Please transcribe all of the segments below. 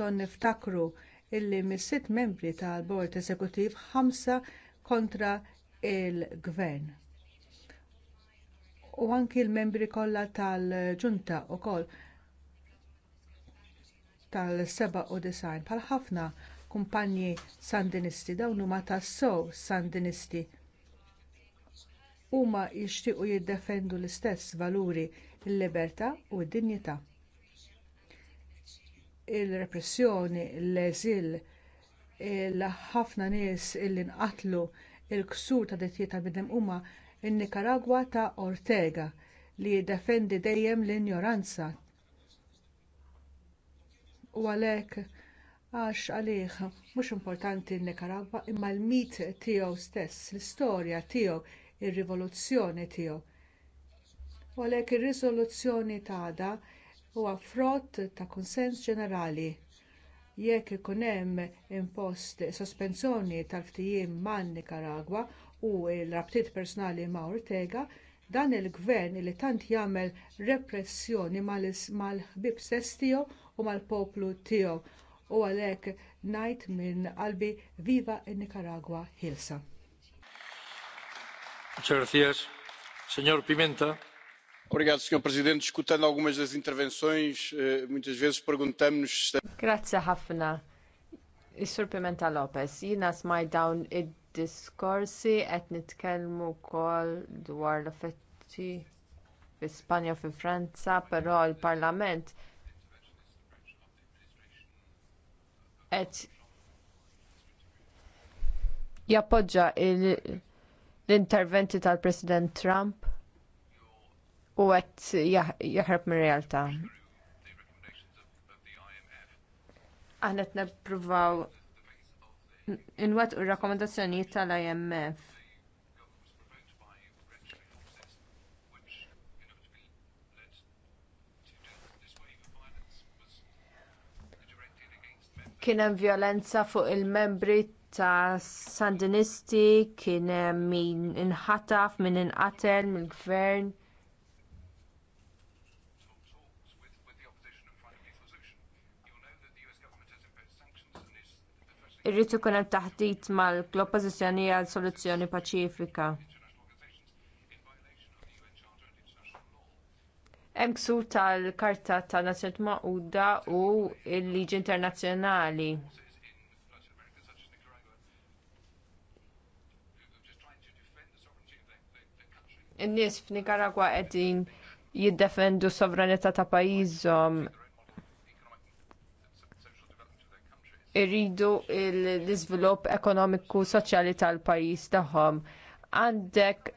Ton niftakru illi mis-sitt membri tal-Bord Eżekuttiv ħamsa kontra il-Gvern. U anki l-membri kollha tal-Ġunta wkoll tal-97 bħal ħafna kumpanji sandinisti dawn huma tassew sandinisti huma jixtiequ jiddefendu l-istess valuri l-libertà u d-dinjità il-repressjoni, l-eżil, il-ħafna nies illi nqatlu il-ksur ta' dettijiet ta' bidem huma in-Nikaragwa ta' Ortega li jiddefendi dejjem l-injoranza. U għalhekk għax għalih mhux importanti n-Nikaragwa imma l-mit tiegħu stess, l-istorja tiegħu, ir-rivoluzzjoni tiegħu. U għalhekk ir-riżoluzzjoni ta' għada huwa frott ta' kunsens ġenerali. Jekk ikun hemm impost sospensjoni tal-ftijiem man Nikaragwa u l-rabtiet personali ma' Ortega, dan il-gvern li tant jagħmel repressjoni mal-ħbib stess tiegħu u mal-poplu tiegħu u għalhekk ngħid minn qalbi viva n Nikaragwa ħilsa. Pimenta. Signor President, xkutan algumas das intervenções, eh, muitas vezes perguntamos... Grazie ħafna. isur Pimenta Lopez, jina smaj dawn id-diskorsi qed nitkellmu wkoll dwar l-effetti fi Spanja fi Franza, però l-Parlament qed jappoġġa l-interventi tal-President Trump u għet jahrab mir-realtà. Aħna qed nippruvaw inwettqu r-rakkomandazzjonijiet tal-IMF. Kien hemm vjolenza fuq il-membri ta' Sandinisti, kienem min inħataf, min inqatel min gvern irrid ikun hemm taħdit mal-oppożizzjoni għal soluzzjoni paċifika hemm ksur tal-karta tan-nazzjonijiet magħquda u l-liġi internazzjonali in-nies f'nikaragwa qegħdin jiddefendu s-sovranità ta' pajjiżhom irridu l-iżvilupp ekonomiku soċjali tal-pajjiż tagħhom. Għandek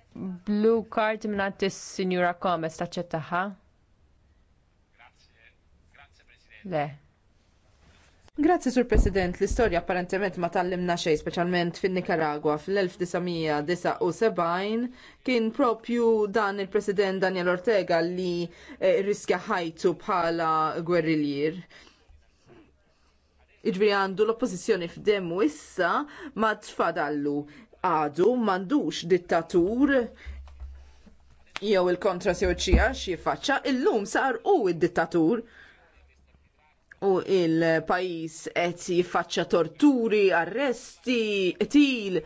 blue card mingħand is-Sinjura Gomez taċċettaha? Le. Grazzi, Sur President. L-istorja apparentement ma tallimna xej, speċjalment fin nikaragwa fl-1979 kien propju dan il-President Daniel Ortega li eh, riskja ħajtu bħala gwerriljier. Iġbiri għandu l-oppozizjoni f'demmu issa ma tfadallu għadu mandux dittatur jew il-kontra sew ċijax jiffaċċa illum sar u id-dittatur u il-pajis qed jiffaċċa torturi, arresti, til,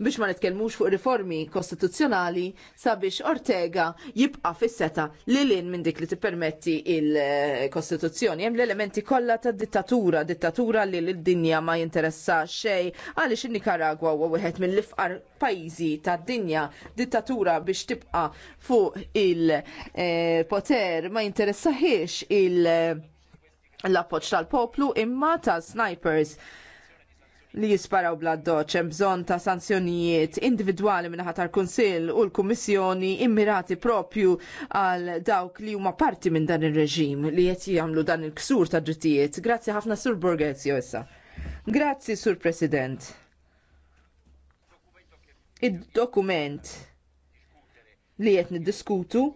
biex ma nitkellmux fuq riformi kostituzzjonali sabiex Ortega jibqa fis-seta li lin minn dik li tippermetti il-Kostituzzjoni. Hemm l-elementi kollha ta' dittatura, dittatura li l-dinja ma jinteressa xej għaliex in-Nikaragwa huwa wieħed mill-ifqar pajjiżi tad-dinja, dittatura biex tibqa fuq il-poter ma jinteressaħiex il- l-appoċ tal-poplu imma ta' snipers li jisparaw bla doċ hemm bżonn ta' sanzjonijiet individwali minn ħatar kunsill u l-Kummissjoni immirati propju għal dawk li huma parti minn dan ir-reġim li qed jagħmlu dan il-ksur ta' drittijiet. Grazzi ħafna Sur Borgezio issa. Grazzi Sur President. Id-dokument li qed niddiskutu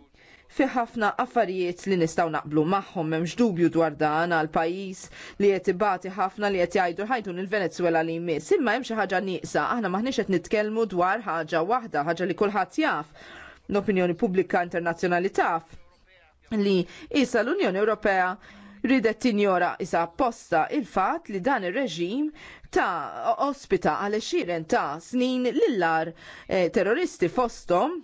fi ħafna affarijiet li nistgħu naqblu magħhom m'hemmx dubju dwar dan għal pajjiż li qed ibati ħafna li qed jgħidu ħajtu il-Venezuela li jmiss. Imma hemm xi ħaġa nieqsa, aħna maħniex qed nitkellmu dwar ħaġa waħda, ħaġa li kulħadd jaf l-opinjoni pubblika internazzjonali taf li issa l-Unjoni Ewropea ridet tinjora isa apposta il-fat li dan ir-reġim ta' ospita għal xiren ta' snin lillar eh, terroristi fostom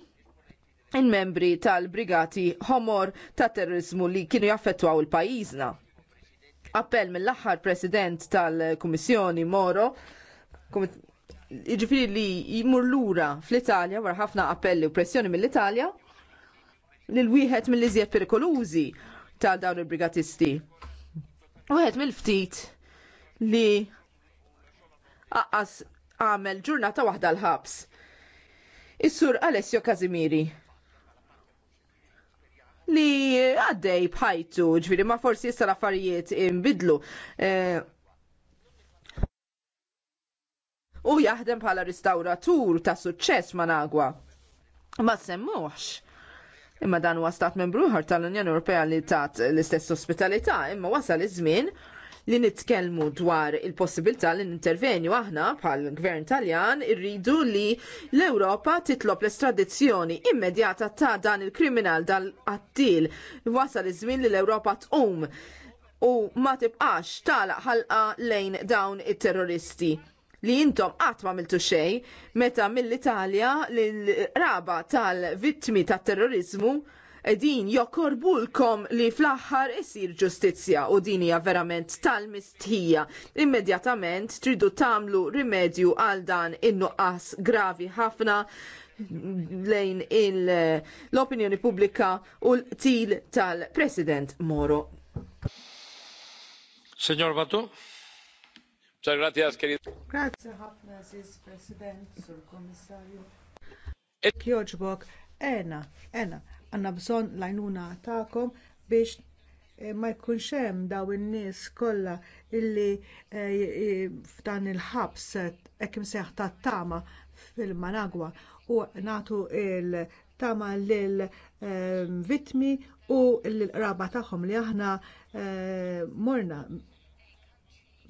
il-membri tal-brigati homor ta' terrorizmu li kienu jaffettwaw il-pajizna. Appell mill-aħħar president tal-Kummissjoni Moro, iġifiri li jimur lura fl-Italja wara ħafna appelli u pressjoni mill-Italja lil wieħed mill-iżjed perikolużi ta' dawn il-brigatisti. Wieħed mill-ftit li aqqas għamel ġurnata waħda l-ħabs. Is-sur Alessio Kazimiri li għaddej bħajtu, ġviri ma forsi jissa l-affarijiet imbidlu. Eh, u jaħdem bħala ristawratur ta' suċċess ma' nagwa. Ma semmuħx. Imma dan huwa stat membruħar tal-Unjoni Ewropea li tat l-istess ospitalità, imma wasal iż-żmien li nitkellmu dwar il-possibilità li nintervenju aħna bħal gvern Taljan irridu li l-Ewropa titlob l-estradizzjoni immedjata ta' dan il-kriminal dal-qattil wasal iż-żmien li l-Ewropa tqum u ma tibqax talaq ħalqa lejn dawn it-terroristi li jintom qatt ma miltu xejn meta mill-Italja l-raba tal-vittmi tat terrorizmu din jokorbulkom li fl-aħħar isir ġustizzja u din hija verament tal-mistħija. Immedjatament tridu tagħmlu rimedju għal dan in-nuqqas gravi ħafna lejn l-opinjoni pubblika u l-til tal-President Moro. Signor Vatu. Grazie ħafna, Sis President, Sur Komissarju. Eh. Kjoġbok, ena, ena, għandna bżonn l-għajnuna tagħkom biex eh, ma jkunx hemm dawn in-nies kollha illi eh, f'dan il-ħabs hekk imsejħ tat-tama fil-Managwa u nagħtu l tama lil eh, vittmi u l-qraba tagħhom li aħna morna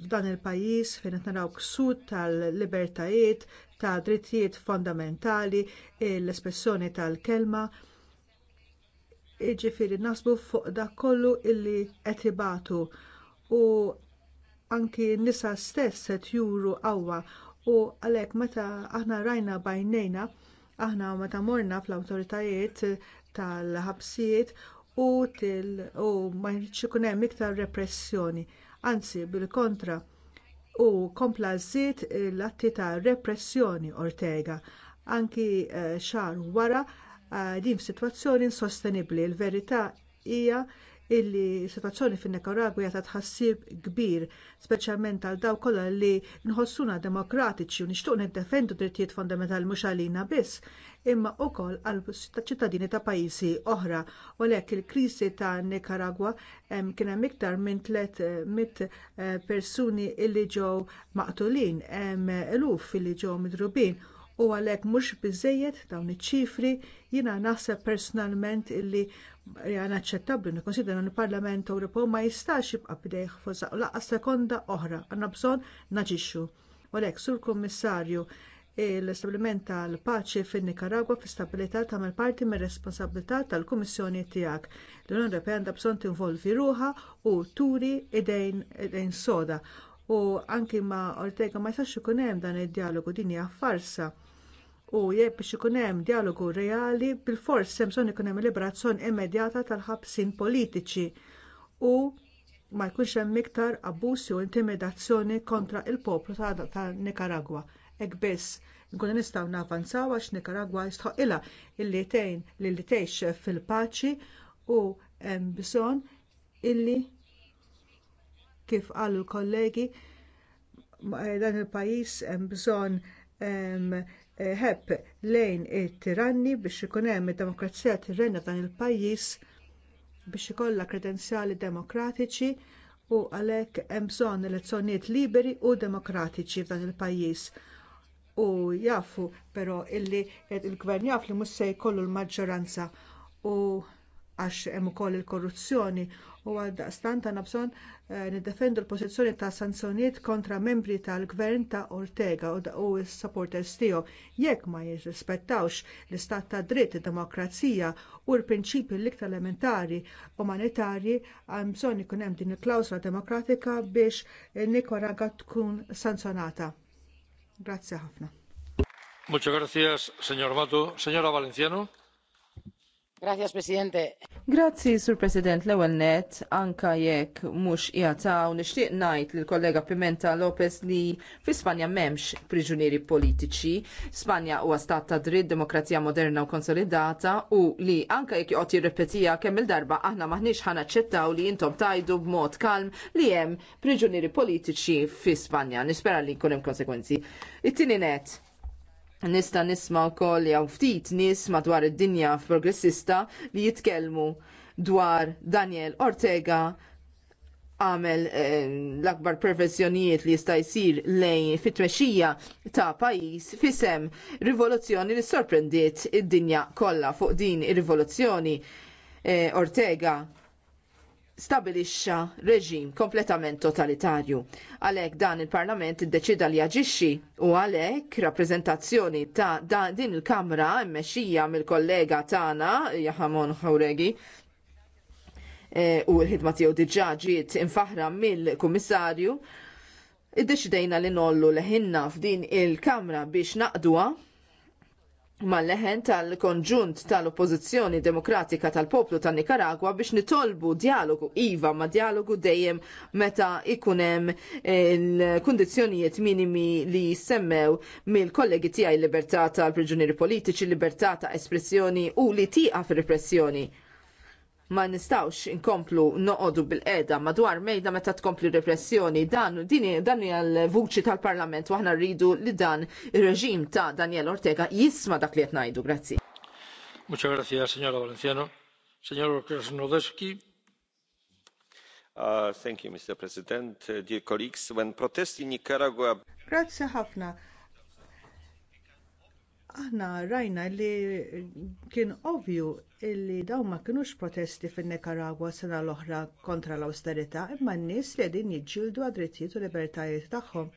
f'dan il-pajjiż fejn qed naraw ksur tal-libertajiet, tad drittijiet fondamentali, l-espressjoni tal-kelma, iġifieri nasbu fuq dak kollu illi qed u anki n-nisa stess se juru qawwa u għalhekk meta aħna rajna bajnejna aħna meta morna fl-awtoritajiet tal-ħabsijiet u, u ma jridx ikun hemm iktar repressjoni. Anzi, bil-kontra, u kompla żied l-atti ta' repressjoni Ortega anki eh, xahar wara din f'sitwazzjoni insostenibbli. Il-verità hija illi situazzjoni fin nikaragwa ta' tħassib kbir, speċjalment għal dawk kollha li nħossuna demokratiċi u nixtieq niddefendu drittijiet fondamentali mhux għalina biss, imma wkoll għal ċittadini ta' pajjiżi oħra. U għalhekk il-krisi ta' Nikaragwa kien hemm iktar minn tliet eh, mit eh, persuni illi ġew maqtulin, hemm eluf illi ġew midrubin u għalhekk mhux biżżejjed dawn iċ-ċifri jiena naħseb personalment illi għan aċċettabbli nikkonsidra li l-Parlament Ewropew ma jistax jibqa' bdejh fuq laqgħa sekonda oħra għandna bżonn naġixxu. Għalhekk sur Kummissarju l-establiment tal-paċi fin-Nikaragwa fl-istabilità tagħmel parti mir responsabilità tal-Kummissjoni tiegħek. L-Unjoni Ewropea għandha bżonn tinvolvi ruħha u turi idejn soda u anki ma Ortega ma jistax ikun hemm dan id-dialogu din hija farsa u jekk biex ikun hemm dijalogu reali bilfors hemm bżonn ikun hemm liberazzjoni immedjata tal-ħabsin politiċi u ma jkunx hemm iktar abbuż u intimidazzjoni kontra l poplu tan-Nikaragwa. Hekk biss nkunu nistgħu navanzaw għax Nikaragwa jistħoqilha illi tgħin li tgħix fil-paċi u hemm bżonn illi kif qalu l-kollegi dan il-pajjiż hemm bżonn ehm, ħeb lejn it-tiranni biex ikun hemm id-demokrazija tirrenja dan il-pajjiż biex ikollha kredenzjali demokratiċi u għalhekk hemm bżonn elezzjonijiet liberi u demokratiċi f'dan il-pajjiż. U jafu però illi il-gvern jaf li mhux se jkollu l-maġġoranza u għax hemm ukoll il-korruzzjoni u għaldaqstant għandna bżonn eh, niddefendu l-pożizzjoni ta' sanzjonijiet kontra membri tal-gvern ta' Ortega u s-supporters tiegħu jekk ma jirrispettawx l-istat ta' dritt id-demokrazija u l-prinċipji l-iktar elementari umanitarji hemm bżonn ikun hemm din il-klawsla demokratika biex Nicaragua tkun sanzjonata. Grazzi ħafna. Muchas gracias, señor Mato. Señora Valenciano. Grazie, Presidente. Grazzi, Sur President, l-ewel net, anka jekk mux jataw, nishtiq najt l-kollega Pimenta Lopez li fi Spanja memx priġunieri politiċi. Spanja huwa stat ta' dritt, demokrazija moderna u konsolidata u li anka jekk joqgħod jirrepetija kemm il-darba aħna maħniex ċettaw li intom tajdu b'mod kalm li hemm priġunieri politiċi fi Spanja. Nispera li jkun hemm konsekwenzi. It-tieni net, Nista nisma wkoll jew ftit nies madwar id-dinja progressista li jitkellmu dwar Daniel Ortega għamel eh, l-akbar perfezzjonijiet li jista' jsir lejn fit tmexxija ta' pajjiż fisem rivoluzzjoni li sorprendiet id-dinja kollha fuq din ir-rivoluzzjoni eh, Ortega stabilixxa reġim kompletament totalitarju. Għalhekk dan il-Parlament iddeċida li jaġixxi u għalhekk rappreżentazzjoni ta' dan din il-Kamra mmexxija mill-kollega tagħna Jahamon Hawregi e, u l-ħidma tiegħu diġà ġiet infaħra mill-Kummissarju iddeċidejna li nollu leħinna f'din il-Kamra biex naqduha mal-leħen tal-konġunt tal-Oppożizzjoni Demokratika tal-Poplu tan nikaragwa biex nitolbu dialogu iva ma dialogu dejjem meta ikunem eh, il-kondizjonijiet minimi li semmew mill-kollegi tiegħi libertà tal-priġunieri politiċi, libertà ta' espressjoni u li tieqa fir repressjoni ma nistawx inkomplu noqodu bil-qeda madwar mejda meta tkompli repressjoni dan dini dan hija l-vuċi tal-Parlament waħna rridu li dan ir-reġim ta' Daniel Ortega jisma' dak li qed ngħidu. Grazzi. Muchas gracias, señora Valenciano. Señor Krasnodeski, Uh, thank you, Mr. President. Uh, Dear colleagues, when protests in Nicaragua... Grazie ħafna aħna rajna li kien ovvju li dawn ma kinux protesti fin nikaragwa sena l-oħra kontra l-austerità imma n-nies li qegħdin jiġġieldu għad-drittijiet u libertajiet tagħhom.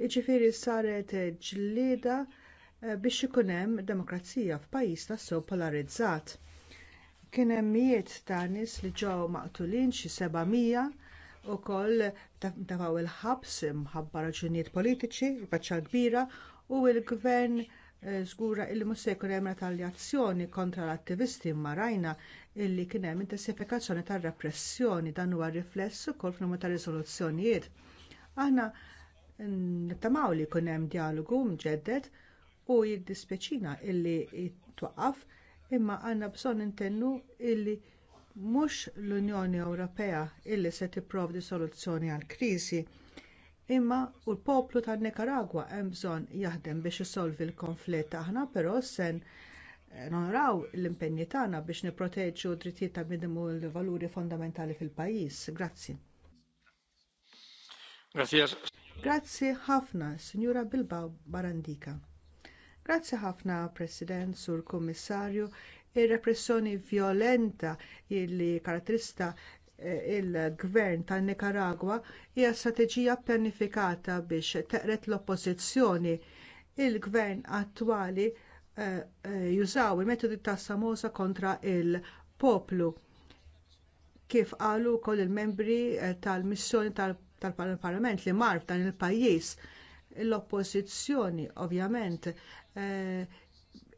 Jiġifieri saret ġlieda eh, biex ikun hemm demokrazija f'pajjiż tassew polarizzat. Kien hemm mijiet ta' nies li ġew maqtulin xi 700 ukoll tafaw il-ħabs imħabba raġunijiet politiċi, faċċa kbira, u l-gvern eh, żgura li mhux se jkun hemm retaljazzjoni kontra l-attivisti imma rajna illi kien hemm intensifikazzjoni tar-repressjoni dan huwa rifless ukoll f'numru ta' riżoluzzjonijiet. Aħna nittamaw li jkun hemm dijalogu mġedded u jiddispjaċina illi twaqqaf imma għandna bżonn intennu illi mhux l-Unjoni Ewropea illi se tipprovdi soluzzjoni għall kriżi Imma u l-poplu tan Nikaragwa hemm bżonn jaħdem biex isolvi l-konflitt aħna però sen noraw l-impenji tagħna biex nipproteġu d-drittijiet ta' bniedem u l-valuri fondamentali fil-pajjiż. Grazzi. Grazie. Grazzi ħafna, Signora Bilbao Barandika. Grazzi ħafna, President, Sur Kommissarju, ir repressjoni vjolenta li karatrista il-gvern tan nikaragwa hija strateġija pjanifikata biex teqret l-oppożizzjoni. Il-gvern attwali eh, eh, jużaw il-metodi ta' Samosa kontra l poplu kif qalu wkoll il-membri eh, tal-missjoni tal-Parlament li mar f'dan il-pajjiż l-oppożizzjoni ovvjament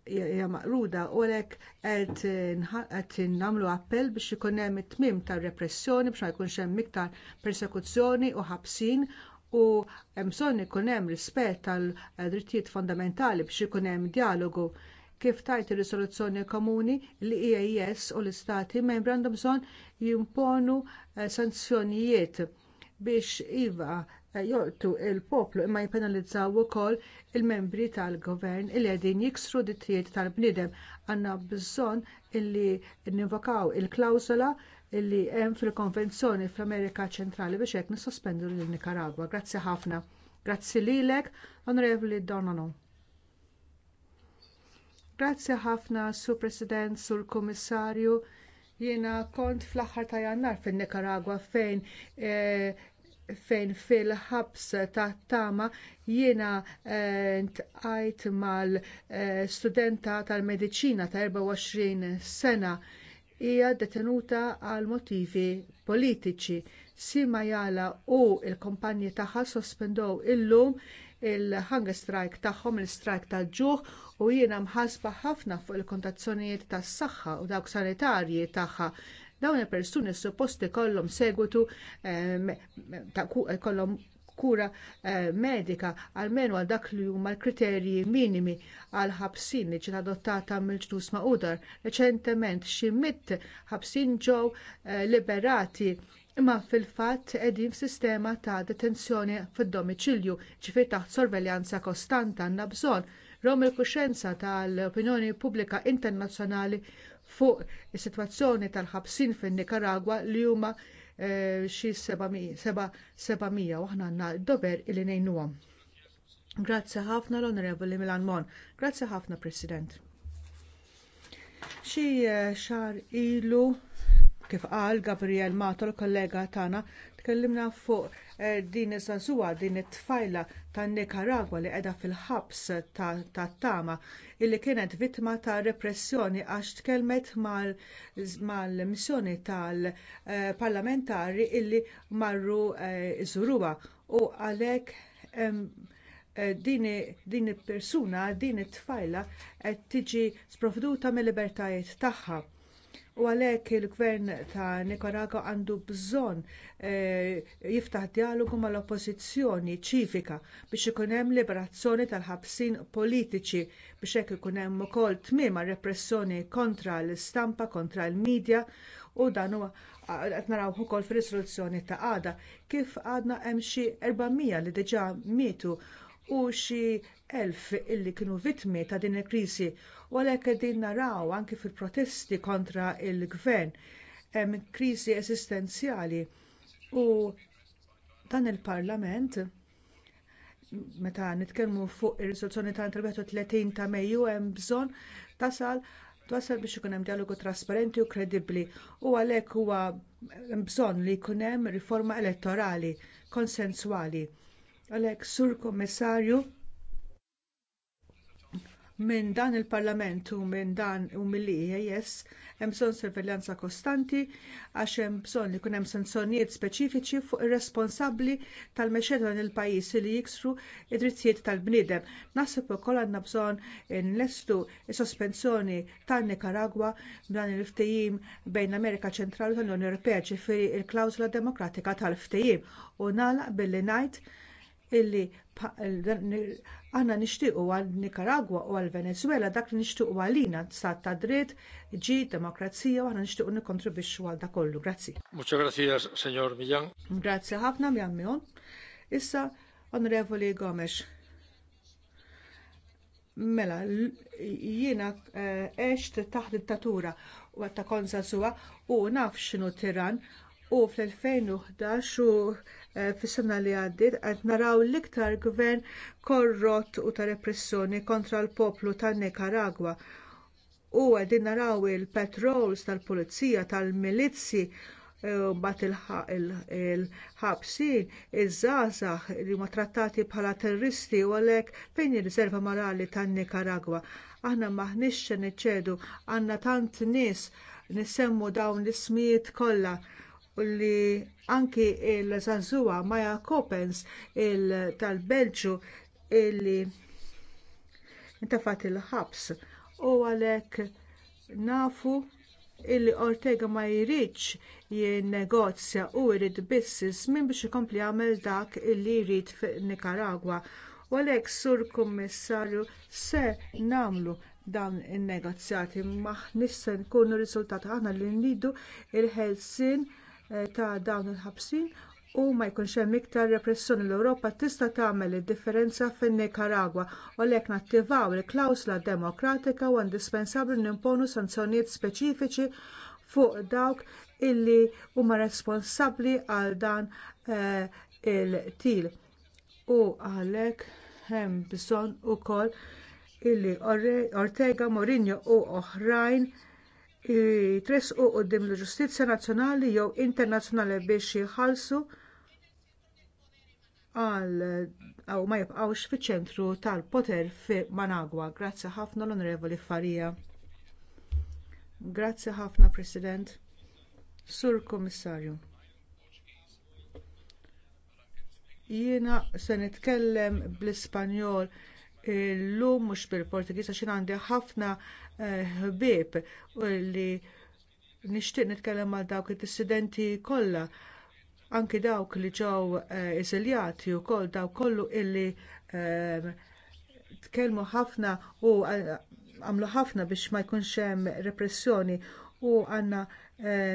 ja maqruda u għalek għed namlu appell biex ikun hemm it-tmiem tar-repressjoni biex ma jkunx hemm iktar persekuzzjoni u ħabsin u hemm bżonn ikun hemm rispett tal drittijiet fondamentali biex ikun hemm dijalogu kif tajt ir-risoluzzjoni komuni li IAS u l-istati membri għandhom bżonn jimponu eh, sanzjonijiet biex iva jolqtu l poplu imma jippenalizzaw ukoll il-membri tal-gvern li qegħdin jiksru dittijiet tal-bniedem. Għandna bżonn illi nivokaw il klausola illi hemm fil-konvenzjoni fl-Amerika ċentrali biex hekk nissospendu lil nikaragwa Grazzi ħafna. Grazzi lilek, Onorevoli Donano. Grazzi ħafna, Sur President, Sur Kummissarju. Jiena kont fl-aħħar ta' jannar fin nikaragwa fejn eh, fejn fil-ħabs ta' tama jiena eh, ntqajt mal-studenta eh, tal mediċina ta' 24 sena hija detenuta għal motivi politiċi. Sima Jala u l kumpanji tagħha sospendow illum il-hunger strike tagħhom il-strike tal-ġuħ u jiena mħasba ħafna fuq il-kontazzjonijiet tas-saħħa u dawk sanitarji tagħha Dawn il-persuni supposti kollom segwitu ehm, kollom kura eh, medika għalmenu għal dak li huma l-kriterji minimi għal ħabsin li ġiet adottata mill-ġnus maqudar. Reċentement xi mitt ħabsin ġew eh, liberati imma fil-fatt qegħdin f'sistema ta' detenzjoni fid-domiċilju ġifier taħt sorveljanza kostanta għandna bżonn rom il-kuxenza tal-opinjoni pubblika internazzjonali fuq is-sitwazzjoni tal-ħabsin fin-Nikaragwa li huma eh, xi 700 u aħna għandna dover illi ngħinuhom. Grazzi ħafna l-Onorevoli Milan Mon. Grazzi ħafna President. Xi eh, xar ilu kif qal Gabriel Mato l-kollega tagħna tkellimna fuq eh, din is-sansuwa din it-tfajla ta' Nikaragwa li qiegħda fil-ħabs ta' tama illi kienet vittma ta' repressjoni għax tkellmet mal-missjoni mal tal-parlamentari eh, illi marru eh, iżuruha u għalhekk din il-persuna, din it-tfajla qed tiġi sprofduta mill-libertajiet tagħha U għalhekk il-gvern ta' Nicaragua għandu bżonn eh, jiftaħ dialogu mal-oppożizzjoni ċivika biex ikun hemm liberazzjoni tal-ħabsin politiċi biex hekk ikun hemm ukoll tmiem repressjoni kontra l-istampa, kontra l midja u dan huwa qed narawh ukoll fir-risoluzzjoni ta' għada kif għadna hemm xi 400 li diġà mietu u xi elf illi kienu vittmi ta' din il-krisi u għalhekk qegħdin naraw anki fil-protesti kontra l gvern hemm kriżi eżistenzjali u dan il-Parlament meta nitkellmu fuq ir-riżoluzzjoni ta' 30 ta' Mejju hemm bżonn tasal twasal biex ikun hemm dialogu trasparenti u kredibbli u għalhekk huwa hemm bżonn li jkun hemm riforma elettorali konsenswali. Għalhekk sur Kummissarju minn dan il-Parlament u minn dan u mill-IAS e hemm bżonn sorveljanza kostanti għax hemm bżonn li jkun hemm sanzjonijiet speċifiċi fuq ir-responsabbli tal-mexxejja il pajjiż li jiksru id-drittijiet tal-bniedem. Naħseb ukoll għandna bżonn innestu s-sospensjoni tan-Nikaragwa b'dan il-ftehim bejn Amerika Ċentrali u l-Unjoni Ewropea ġifieri l klawsula demokratika tal-ftehim u nagħlaq billi ngħid illi aħna nixtiequ għal Nikaragwa u għal Venezuela dak li nixtiequ għalina sa ta' dritt ġi demokrazija u aħna nixtiequ nikkontribwixxu għal dak kollu. Grazzi. Muchas gracias, Señor Grazzi ħafna Millan Mion. Issa Onorevoli Gomes. Mela, jiena għext eh, taħt dittatura u għatta konza suwa u naf x'inhu Tiran u fl-2011 u Eh, fis-sena li għaddiet qed naraw l-iktar gvern korrott u ta' repressjoni kontra l-poplu tan-Nikaragwa. U qegħdin naraw il-patrols tal-pulizija tal-milizzi eh, bat il-ħabsin, iż-żazax li huma trattati bħala terroristi u għalhekk fejn ir-riserva morali tan-Nikaragwa. Aħna maħniex se niċċedu għandna tant nies nisemmu dawn l-ismijiet kollha u li anki il sansuwa Maja Coppens il tal-Belġu illi intafat il-ħabs u għalhekk nafu illi Ortega ma jridx jinnegozja u jrid biss żmien biex ikompli jagħmel dak illi jrid n-Nikaragwa. U għalhekk sur kummissarju se nagħmlu dawn in-negozjati imma nista nkunu riżultat aħna li nridu il-ħelsien Eh, ta' dawn il-ħabsin u ma jkunx hemm iktar repressjoni l-Ewropa tista' tagħmel id-differenza fin-Nikaragwa u għalhekk nattivaw il-klawsla demokratika u indispensabbli nimponu sanzjonijiet speċifiċi fuq dawk illi huma responsabbli għal dan eh, il-til. U għalhekk hemm bżonn ukoll illi Ortega, Mourinho u oħrajn jitresqu quddiem l-ġustizzja nazzjonali jew internazzjonali biex jħallsu għal aw ma jibqgħux fiċ-ċentru tal-poter fi Managwa. Grazzi ħafna l-Onorevoli Farija. Grazzi ħafna President. Sur Kommissarju. Jiena se nitkellem bl-Ispanjol illum eh, mhux bil-Portugiż għax għandi ħafna ħbieb u li nixtieq nitkellem għal dawk id-dissidenti kollha anki dawk li ġew eh, eżiljati wkoll dawk kollu illi eh, tkellmu ħafna u eh, għamlu ħafna biex ma jkunx hemm repressjoni u għandna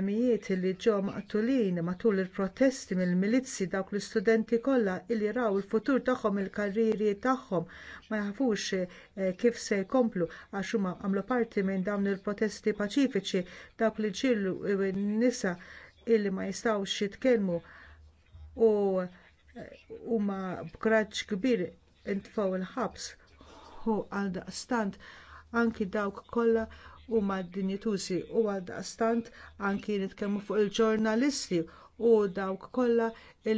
mijiet li ġew maqtulin matul il-protesti mill-milizzi dawk l-istudenti kollha li raw il-futur tagħhom il-karriri tagħhom ma jafux eh, kif se jkomplu għax huma għamlu parti minn dawn il-protesti paċifiċi dawk li ġillu eh, n-nisa illi ma jistgħux jitkellmu u eh, huma b'kraġġ kbir intfgħu il-ħabs u għaldaqstant anki dawk kollha huma dinjitużi u għaldaqstant anki nitkemmu fuq il-ġurnalisti u dawk kollha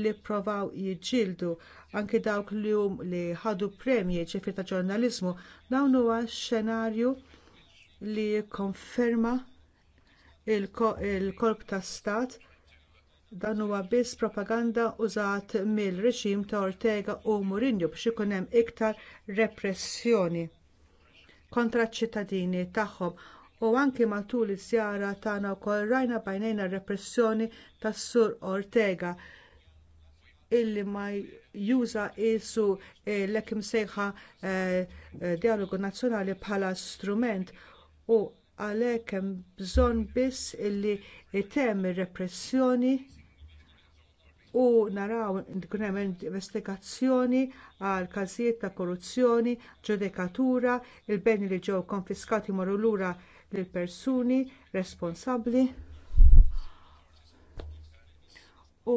li pprovaw jiġġieldu anki dawk li hum li ħadu premji ġifir ta' ġurnaliżmu dawn huwa xenarju li jikkonferma l kolb ta' stat dan huwa biss propaganda użat mill-reġim ta' Ortega u Mourinho biex ikun hemm iktar repressjoni kontra ċ-ċittadini tagħhom u anki matul iż-żjara tagħna wkoll rajna bajnejna r repressjoni tas-Sur Ortega illi ma juża qisu eh, l-ekim imsejħa eh, eh, dialogu nazzjonali bħala strument u għalhekk hemm bżonn biss illi temm ir-repressjoni u naraw kun hemm investigazzjoni għal każijiet ta' korruzzjoni, ġudikatura, il-beni li ġew konfiskati marru lura lill persuni responsabbli u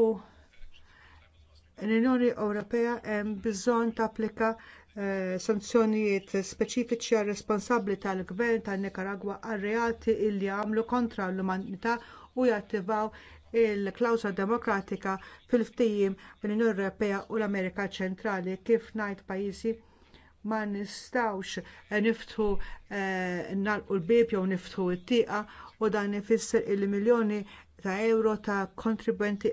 l-Unjoni Ewropea hemm bżonn tapplika eh, sanzjonijiet speċifiċi għar responsabbli tal-Gvern tan-Nikaragwa għar reati li għamlu kontra l-umanità u jattivaw il klawsa demokratika fil-ftijim mill-Unjoni Ewropea u l-Amerika ċentrali kif ngħid pajjiżi ma nistawx eh, niftħu eh, nalqu l-bib jew niftħu t-tieqa u dan ifisser il-miljoni ta' euro ta' kontribwenti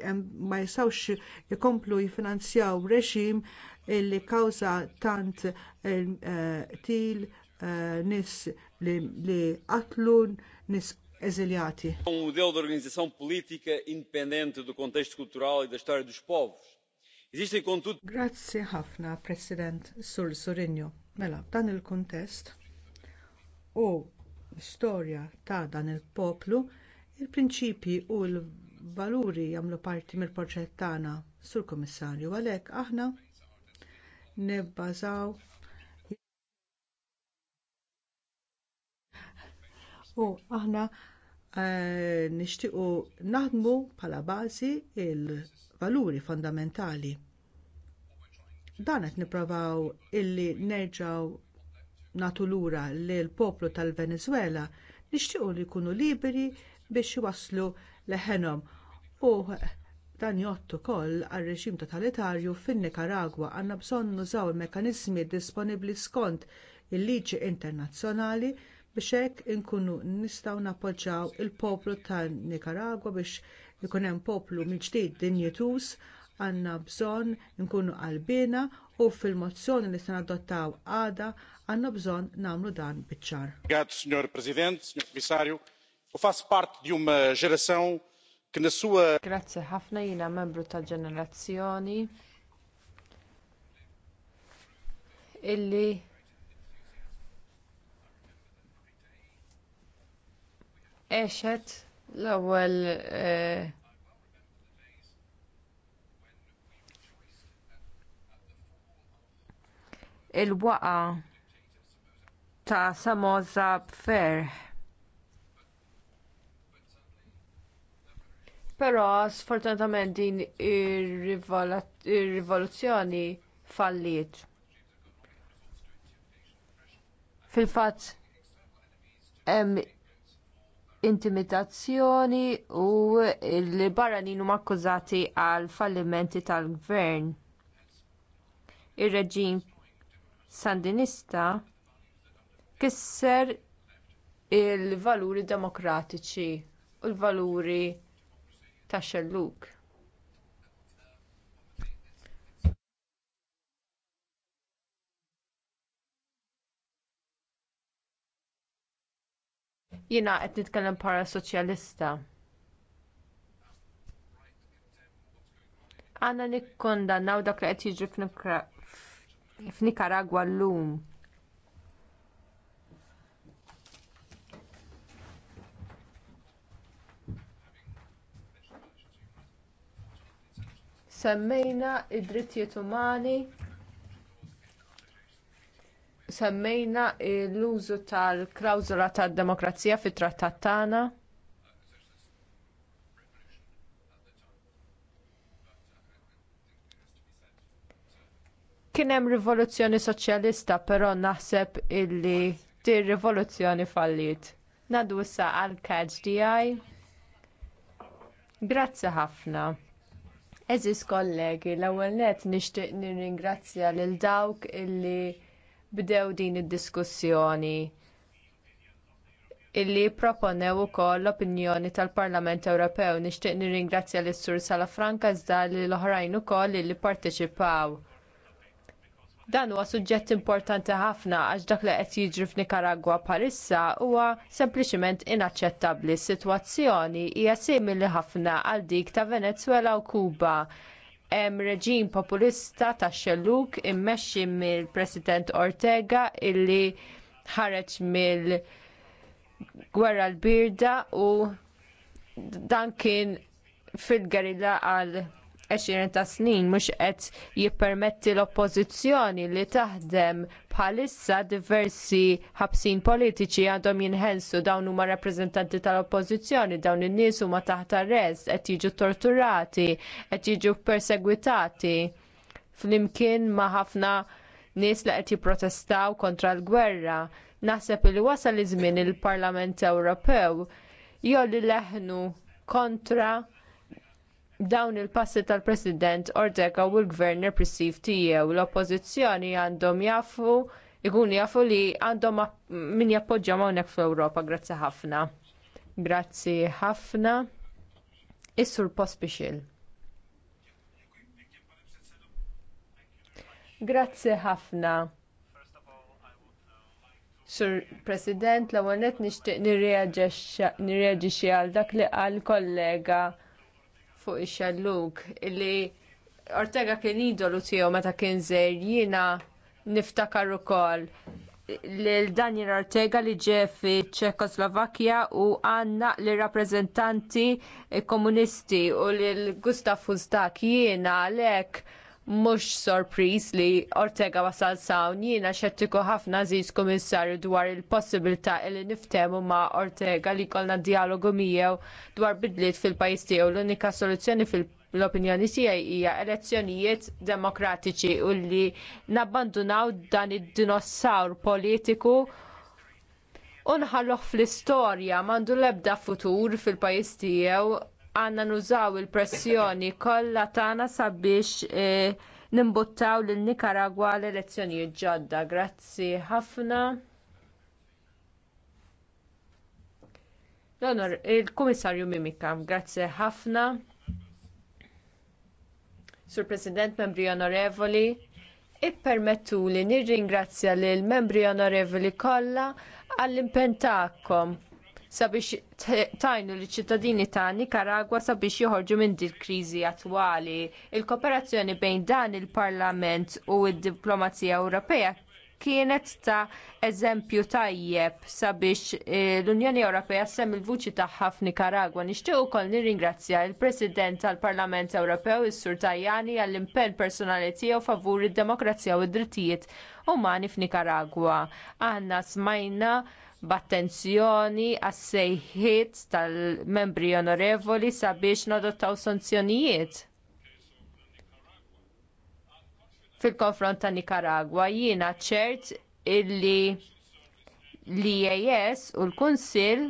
ma jistgħux jikomplu jiffinanzjaw reġim eh, li kkawża tant til nies li qatlu nies eżiljati. Um e da povos Grazzi ħafna, President Sur Surinjo. Mela, dan il-kontest u storja ta' dan il-poplu, il-prinċipji u l-valuri jagħmlu parti mill-proġett tagħna sur Kummissarju għalhekk aħna nibbażaw u aħna eh, nixtiequ naħdmu bħala bażi il- valuri fondamentali. Dan qed nipprovaw illi nerġgħu nagħtu lura lill poplu tal-Venezwela nixtiequ li jkunu liberi biex iwasslu leħenhom u dan jgħottu ukoll għar reġim totalitarju fin-Nikaragwa għandna bżonn nużaw il-mekanizmi disponibbli skont il-liġi internazzjonali biex hekk inkunu nistgħu nappoġġjaw il-poplu tan-Nikaragwa biex ikun hemm poplu mill-ġdid dinjetus għandna bżonn nkunu qalbina u fil-mozzjoni li se nadottaw għada għandna bżonn nagħmlu dan biċ-ċar. Grazie Signor President, Signor Komissarju, u fas part di um Grazzi ħafna jiena membru tal-ġenerazzjoni illi għexet L-ewwel eh, il-waqa ta' Samoza b'ferħ. Però sfortunatament din ir-rivoluzzjoni falliet. Fil-fatt hemm intimidazzjoni u l-barranin huma akkużati għal fallimenti tal-gvern. Ir-reġim sandinista kisser il-valuri demokratiċi u l-valuri tax-xelluk Jiena qed nitkellem para soċjalista. Għanna naw dak li qed jiġri f'Nikaragwa llum. semmejna id-drittijiet umani semmejna l-użu tal-klawżola tad-demokrazija fit-trattat tagħna. Kien hemm rivoluzzjoni soċjalista, però naħseb illi dir rivoluzzjoni fallit. Nadu issa għal catch Grazzi ħafna. Eżis kollegi, l-ewwel nett nixtieq nirringrazzja lil dawk illi bdew din id-diskussjoni illi proponew ukoll l-opinjoni tal-Parlament Ewropew. Nixtieq nirringrazzja lis sur Salafranca iżda li l-oħrajn ukoll li pparteċipaw. Dan huwa suġġett importanti ħafna għax dak li qed jiġri f'Nikaragwa bħalissa huwa sempliċiment inaċċettabbli. Is-sitwazzjoni hija simili ħafna għal dik ta' Venezwela u Kuba hemm reġim populista tax xelluk immexxi mill-President Ortega illi ħareġ mill-gwerra l-birda u dan kien fil-gerilla għal 20 ta' snin mhux qed jippermetti l-oppożizzjoni li taħdem bħalissa diversi ħabsin politiċi għandhom jinħelsu dawn huma rappreżentanti tal-oppożizzjoni dawn in-nies huma taħt arrest qed jiġu torturati, qed jiġu persegwitati flimkien ma' ħafna nies li qed jipprotestaw kontra l-gwerra. Naħseb li wasal iż-żmien il-Parlament Ewropew jolli leħnu kontra dawn il-passi tal-President Ortega u l-Gvern repressiv tiegħu l-Oppożizzjoni għandhom jafu ikun jafu li għandhom min jappoġġja hawnhekk fl-Ewropa. Grazzi ħafna. Grazzi ħafna. Is-Sur Grazzi ħafna. Sur President, l-ewwel nixtieq nirreaġixxi għal dak li qal kollega fuq ix-xalluk li Ortega kien idolu tiegħu meta kien żejr jiena niftakar ukoll lil Daniel Ortega li ġie fi ċekoslovakkja u għanna li rappreżentanti komunisti u lil Gustaf Fustak jiena għalhekk mhux sorpriż li Ortega wasal sawn jiena xettiku ħafna żiż kummissarju dwar il-possibilità li niftehmu ma' Ortega li jkollna dijalogu miegħu dwar bidliet fil-pajjiż tiegħu l-unika soluzzjoni fil l-opinjoni tiegħi hija elezzjonijiet demokratiċi u li nabbandunaw dan id-dinossawr politiku u nħalluh fl-istorja m'għandu l-ebda futur fil-pajjiż tiegħu għanna nużaw il-pressjoni kollha tagħna sabiex eh, nimbuttaw lil nikaragwa l-elezzjonijiet ġodda. Grazzi ħafna. L-onor, il-Kummissarju Mimika, grazzi ħafna. Sur President, membri onorevoli, ippermettu li nirringrazzja lill membri onorevoli kollha għall-impenn tagħkom sabiex tajnu li ċittadini ta' Nikaragwa sabiex joħorġu minn din kriżi attwali. Il-kooperazzjoni bejn dan il-Parlament u d-diplomazija Ewropea kienet ta' eżempju tajjeb sabiex eh, l-Unjoni Ewropea sem il-vuċi tagħha f'Nikaragwa. Nixtieq ukoll nirringrazzja l president tal-Parlament Ewropew is-Sur Tajani għall-impenn personali tiegħu favur id-demokrazija u d-drittijiet umani f'Nikaragwa. Aħna smajna b'attenzjoni għas-sejħiet tal-membri onorevoli sabiex nadottaw sanzjonijiet fil-konfront ta' Nikaragwa. Jiena ċert illi l-IAS u l-Kunsill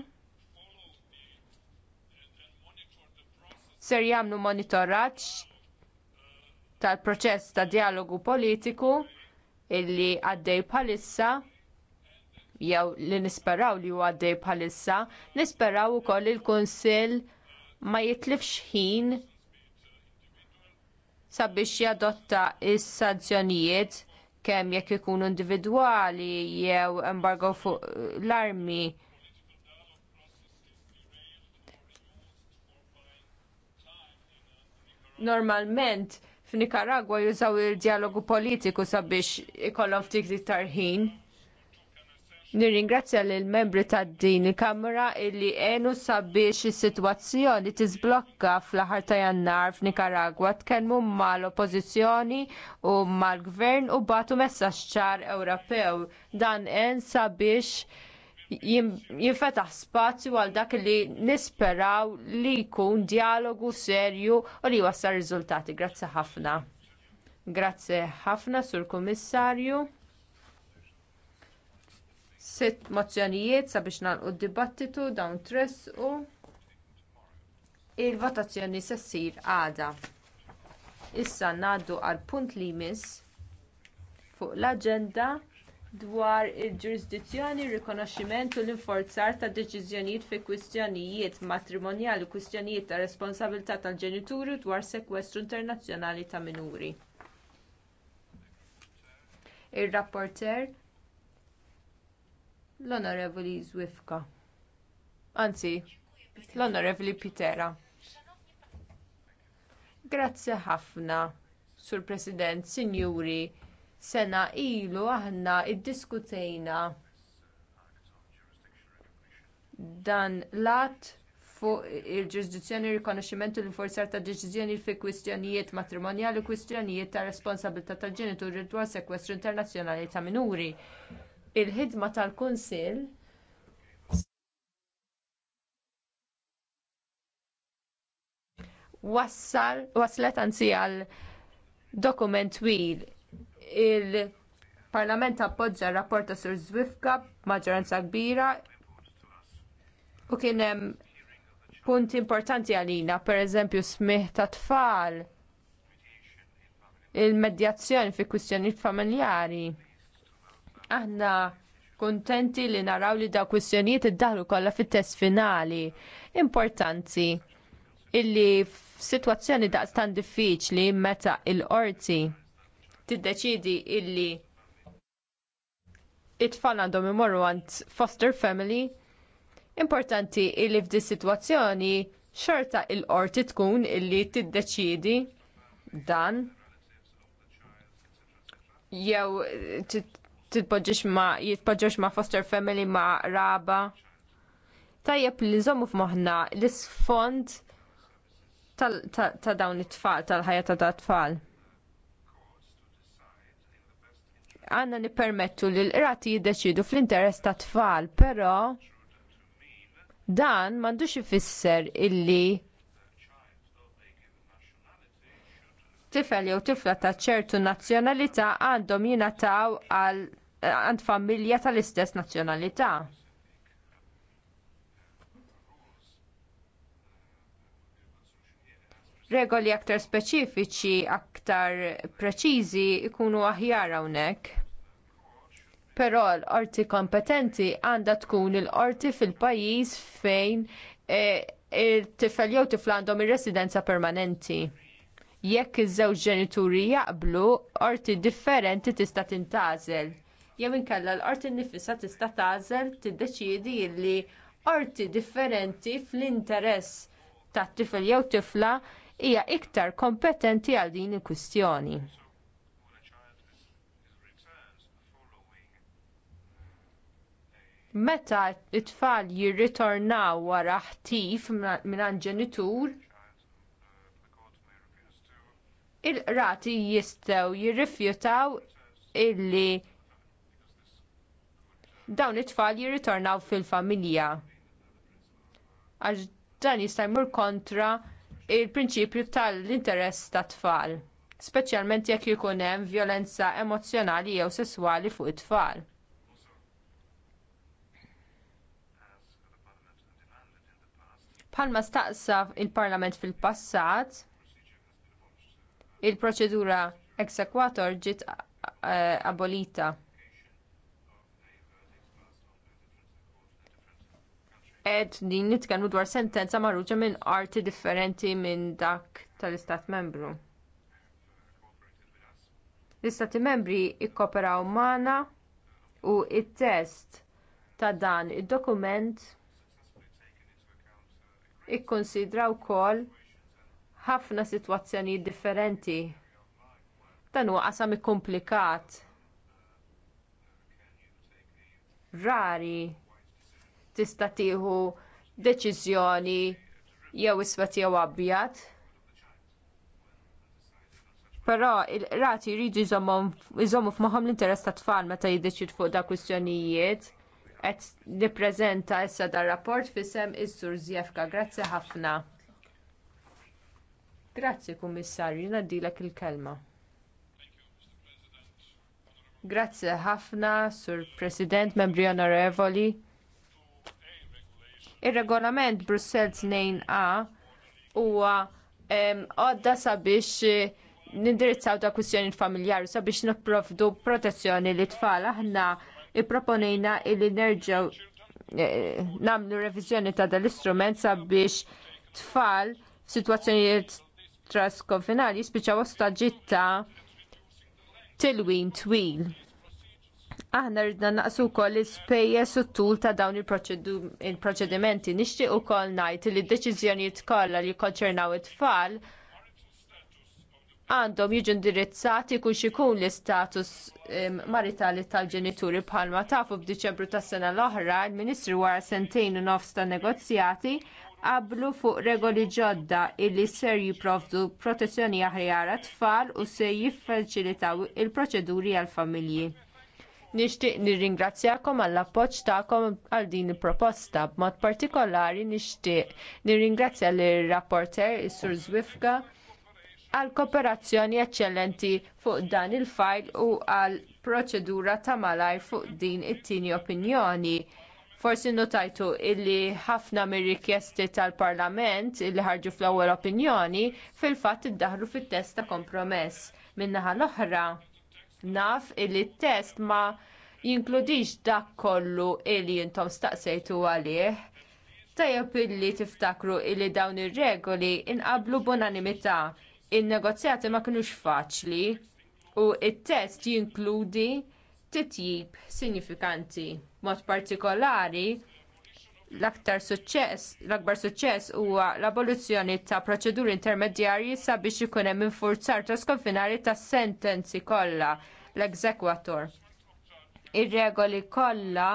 ser jagħmlu monitoraġġ tal-proċess ta' dijalogu politiku illi għaddej bħalissa jew li nisperaw li għaddej bħalissa, nisperaw ukoll il-Kunsill ma jitlifx ħin sabiex jadotta is-sanzjonijiet kemm jekk ikunu individwali jew embargo fuq l-armi. Normalment f'Nikaragwa jużaw il-dialogu politiku sabiex ikollhom ftit iktar ħin. Nirringrazzja lill membri ta' din il-Kamra illi għenu sabiex is-sitwazzjoni tiżblokka fl-aħħar ta' Jannar f'Nikaragwa tkellmu mal-Oppożizzjoni u mal-Gvern u batu messaġġ ċar Ewropew dan għen sabiex jinfetaħ spazju għal dak li nisperaw li jkun dialogu serju u li jwassal riżultati. Grazzi ħafna. Grazzi ħafna sur Kummissarju sitt mozzjonijiet sabiex nagħlqu d-dibattitu dawn tress u. il-votazzjoni se ssir għada issa ngħaddu għal punt li jmiss fuq l-aġenda dwar il-ġurisdizzjoni r rikonoxximent u l-inforzar ta' deċiżjonijiet fi kwistjonijiet matrimonjali u kwistjonijiet ta' responsabilità tal-ġenituri dwar sekwestru internazzjonali ta' minuri ir-rapporter l-Onorevoli Zwifka. Anzi, l-Onorevoli Pitera. Grazzi ħafna, Sur President, Sinjuri, sena ilu aħna iddiskutejna dan l-att fuq il-ġurisdizzjoni rikonoxximent u l-infurzar ta' deċiżjoni fi kwistjonijiet matrimonjali u kwistjonijiet ta' responsabilità tal ġenituri dwar sekwestru internazzjonali ta' minuri il-ħidma tal-kunsill waslet anzi għal dokument twil il-parlament appoġġa r-rapport ta' sur Zwifka b'maġġoranza kbira u kien hemm punti importanti għalina, pereżempju smigħ ta' tfal, il-medjazzjoni fi kwistjonijiet familjari. Aħna kuntenti li naraw li daw kwistjonijiet iddaħlu kollha fit-test finali. Importanti illi f'sitwazzjoni diffiċ diffiċli meta il-qorti tiddeċidi illi it-tfal għandhom imorru għand foster family. Importanti illi f'di sitwazzjoni xorta il-qorti tkun illi tiddeċiedi dan jew titpoġġiex ma jitpoġġiex ma foster family ma raba. Tajjeb li nżommu f'moħħna l-isfond ta' dawn it-tfal, tal-ħajja ta' da' tfal. Għanna nippermettu li l-qrati jiddeċidu fl-interess ta' tfal, però dan m'għandux ifisser illi tifel jew tifla ta' ċertu nazzjonalità għandhom jingħataw għal għand familja tal-istess nazzjonalità. regoli aktar speċifiċi, aktar preċiżi jkunu aħjar hawnhekk. Però l-qorti kompetenti għandha tkun il-qorti fil-pajjiż fejn e, il-tifel jew tifla għandhom ir-residenza permanenti. Jekk iż-żewġ ġenituri jaqblu, qorti differenti tista' tintgħażel jew inkella l-qorti nnifisha tista' tagħżel tiddeċiedi li qorti differenti fl-interess tat-tifel jew tifla hija iktar kompetenti għal din il-kwistjoni. Meta t tfal jirritornaw wara ħtif mingħand ġenitur, il-qrati jistgħu jirrifjutaw illi dawn it-tfal jirritornaw fil-familja. Għax dan jista' jmur kontra l prinċipju tal-interess tat tfal, speċjalment jekk ikun hemm vjolenza emozjonali jew sesswali fuq it-tfal. Bħalma staqsa il-Parlament fil-passat, il-proċedura exequator ġiet eh, abolita. ed din nitkellmu dwar sentenza magħruġa minn arti differenti minn dak tal-istat membru. L-istati membri ikkoperaw magħna u t test ta' dan id-dokument ikkonsidra wkoll ħafna sitwazzjonijiet differenti. Dan huwa qasam ikkomplikat. Rari tista' tieħu deċiżjoni jew isfet jew abjad. Però il-rati jridu jżommu f'moħħom l-interess ta' tfal meta jiddeċid fuq da kwistjonijiet qed nippreżenta issa dar rapport f'isem is-Sur Zjefka. Grazzi ħafna. Grazzi Kummissarju, nadilek il-kelma. Grazzi ħafna, Sur President, membri onorevoli. Ir-regolament Brussel 2A huwa għodda sabiex eh, nindirizzaw ta' kwistjoni familjari sabiex nipprovdu protezzjoni li tfal aħna ipproponejna li nerġgħu eh, nagħmlu reviżjoni ta' dan l-istrument sabiex tfal f'sitwazzjonijiet transkonfinali jispiċċaw ostaġġi ta' tilwin twil Aħna rridna naqsu wkoll l-ispejjeż u t-tul ta' dawn il-proċedimenti. Nixtieq ukoll ngħid li d-deċiżjonijiet kollha li jkonċernaw it-tfal għandhom jiġu indirizzati kull xikun l-istatus maritali tal-ġenituri bħalma tafu f'Diċembru tas-sena l-oħra, il ministru wara sentejn u nofs ta' negozjati qablu fuq regoli ġodda illi ser jipprovdu protezzjoni aħjar għat-tfal u se jiffaċilitaw il-proċeduri għall familji Nixtieq nirringrazzjakom għall appoġġ tagħkom għal din il-proposta. B'mod partikolari nixtieq nirringrazzja lir rapporter is-Sur Zwifka għal kooperazzjoni eċċellenti fuq dan il-fajl u għal proċedura ta' malajr fuq din it-tieni opinjoni. Forsi notajtu illi ħafna mir-rikjesti tal-Parlament illi ħarġu fl-ewwel opinjoni fil-fatt iddaħħlu fit-test ta' kompromess. Min-naħa l-oħra naf illi t test ma jinkludix dak kollu illi jintom staqsejtu għalih. Tajab illi tiftakru illi dawn ir-regoli inqablu b'unanimità. il negozjati ma kinux faċli u il test jinkludi titjib sinifikanti. Mod partikolari l-aktar suċċess, l-akbar suċċess huwa l-abolizzjoni ta' proċeduri intermedjarji sabiex ikun hemm infurzar trasconfinari tas sentenzi kollha l-eżekwator. Ir-regoli kollha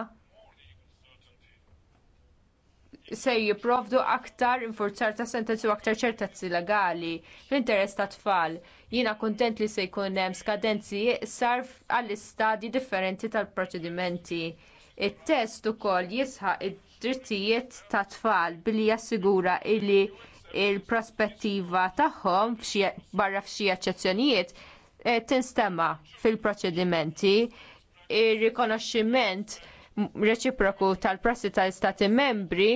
se jipprovdu aktar infurzar ta' sentenzi u aktar ċertezzi legali fl-interess ta' tfal. Jiena kuntent li se jkun hemm skadenzi iqsar għall istadji differenti tal-proċedimenti. it-test ukoll jisħaq id drittijiet ta' tfal billi jassigura li l prospettiva tagħhom barra f'xi eċċezzjonijiet eh, tinstema fil-proċedimenti ir-rikonoxximent reċiproku tal-prassi tal-Stati membri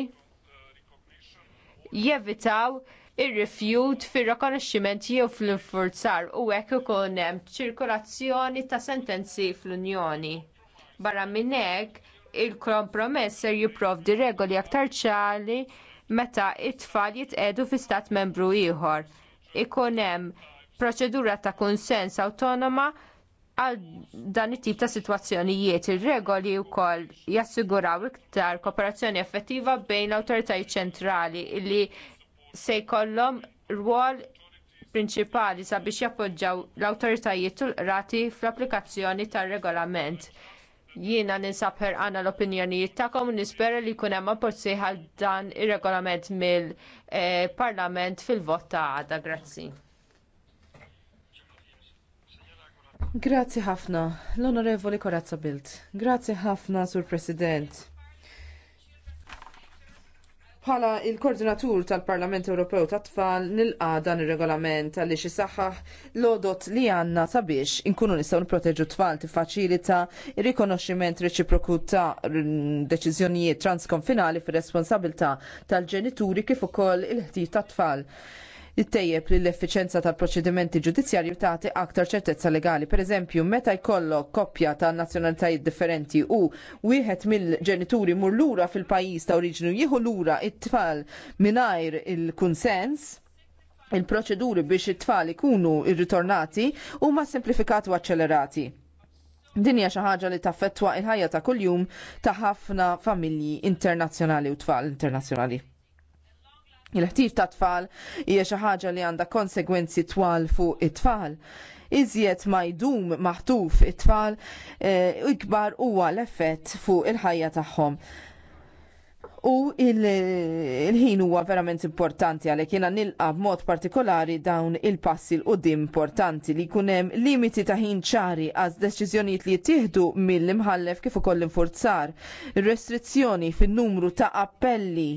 jevitaw ir-rifjut fir-rikonoxximent jew fl-infurzar u hekk ikun hemm ċirkolazzjoni ta' sentenzi fl-Unjoni. Barra minn hekk il-kompromess ser jipprovdi regoli aktar ċali meta t tfal jitqedu fi stat membru ieħor. Ikun hemm proċedura ta' kunsens awtonoma għal dan it-tip ta' sitwazzjonijiet ir-regoli wkoll jassiguraw iktar kooperazzjoni effettiva bejn l-awtoritajiet ċentrali li se jkollhom rwol prinċipali sabiex jappoġġjaw l-awtoritajiet tulqrati fl-applikazzjoni tar-regolament. Jiena ninsab ħerqana l-opinjonijiet tagħkom nispera li jkun hemm apporti dan ir-regolament mill-Parlament fil-vot ta' għada. Grazzi. Grazzi ħafna, l-Onorevoli Korazza Bilt. Grazzi ħafna, Sur President. Bħala il-koordinatur tal-Parlament Ewropew tat-tfal nilqa dan ir-regolament għalli xi saħħaħ lodot li għandna sabiex inkunu nistgħu nipproteġu tfal tiffaċilita ir-rikonoxximent reċiproku ta' deċiżjonijiet transkonfinali fir-responsabilità tal-ġenituri kif ukoll il-ħtij tat-tfal ittejjeb li l effiċenza tal-proċedimenti ġudizzjarji tagħti aktar ċertezza legali. Pereżempju, meta jkollok koppja ta' nazzjonalitajiet differenti u wieħed mill-ġenituri mur lura fil-pajjiż ta' oriġinu jieħu lura it-tfal mingħajr il-kunsens, il-proċeduri biex it-tfal ikunu irritornati huma simplifikati u aċċelerati. Din hija xi ħaġa li taffettwa l ħajja ta' kuljum ta' ħafna familji internazzjonali u tfal internazzjonali il-ħtif ta' tfal hija xi ħaġa li għandha konsegwenzi twal fuq it-tfal. Iżjed ma jdum maħtuf it-tfal eh, ikbar huwa l-effett fuq il-ħajja tagħhom. U il-ħin huwa verament importanti għalhekk jiena nilqa b'mod partikolari dawn il-passi l qudiem importanti li jkun hemm limiti ta' ħin ċari għaż deċiżjonijiet li jittieħdu mill-imħallef kif ukoll infurzar, restrizzjoni fin-numru ta' appelli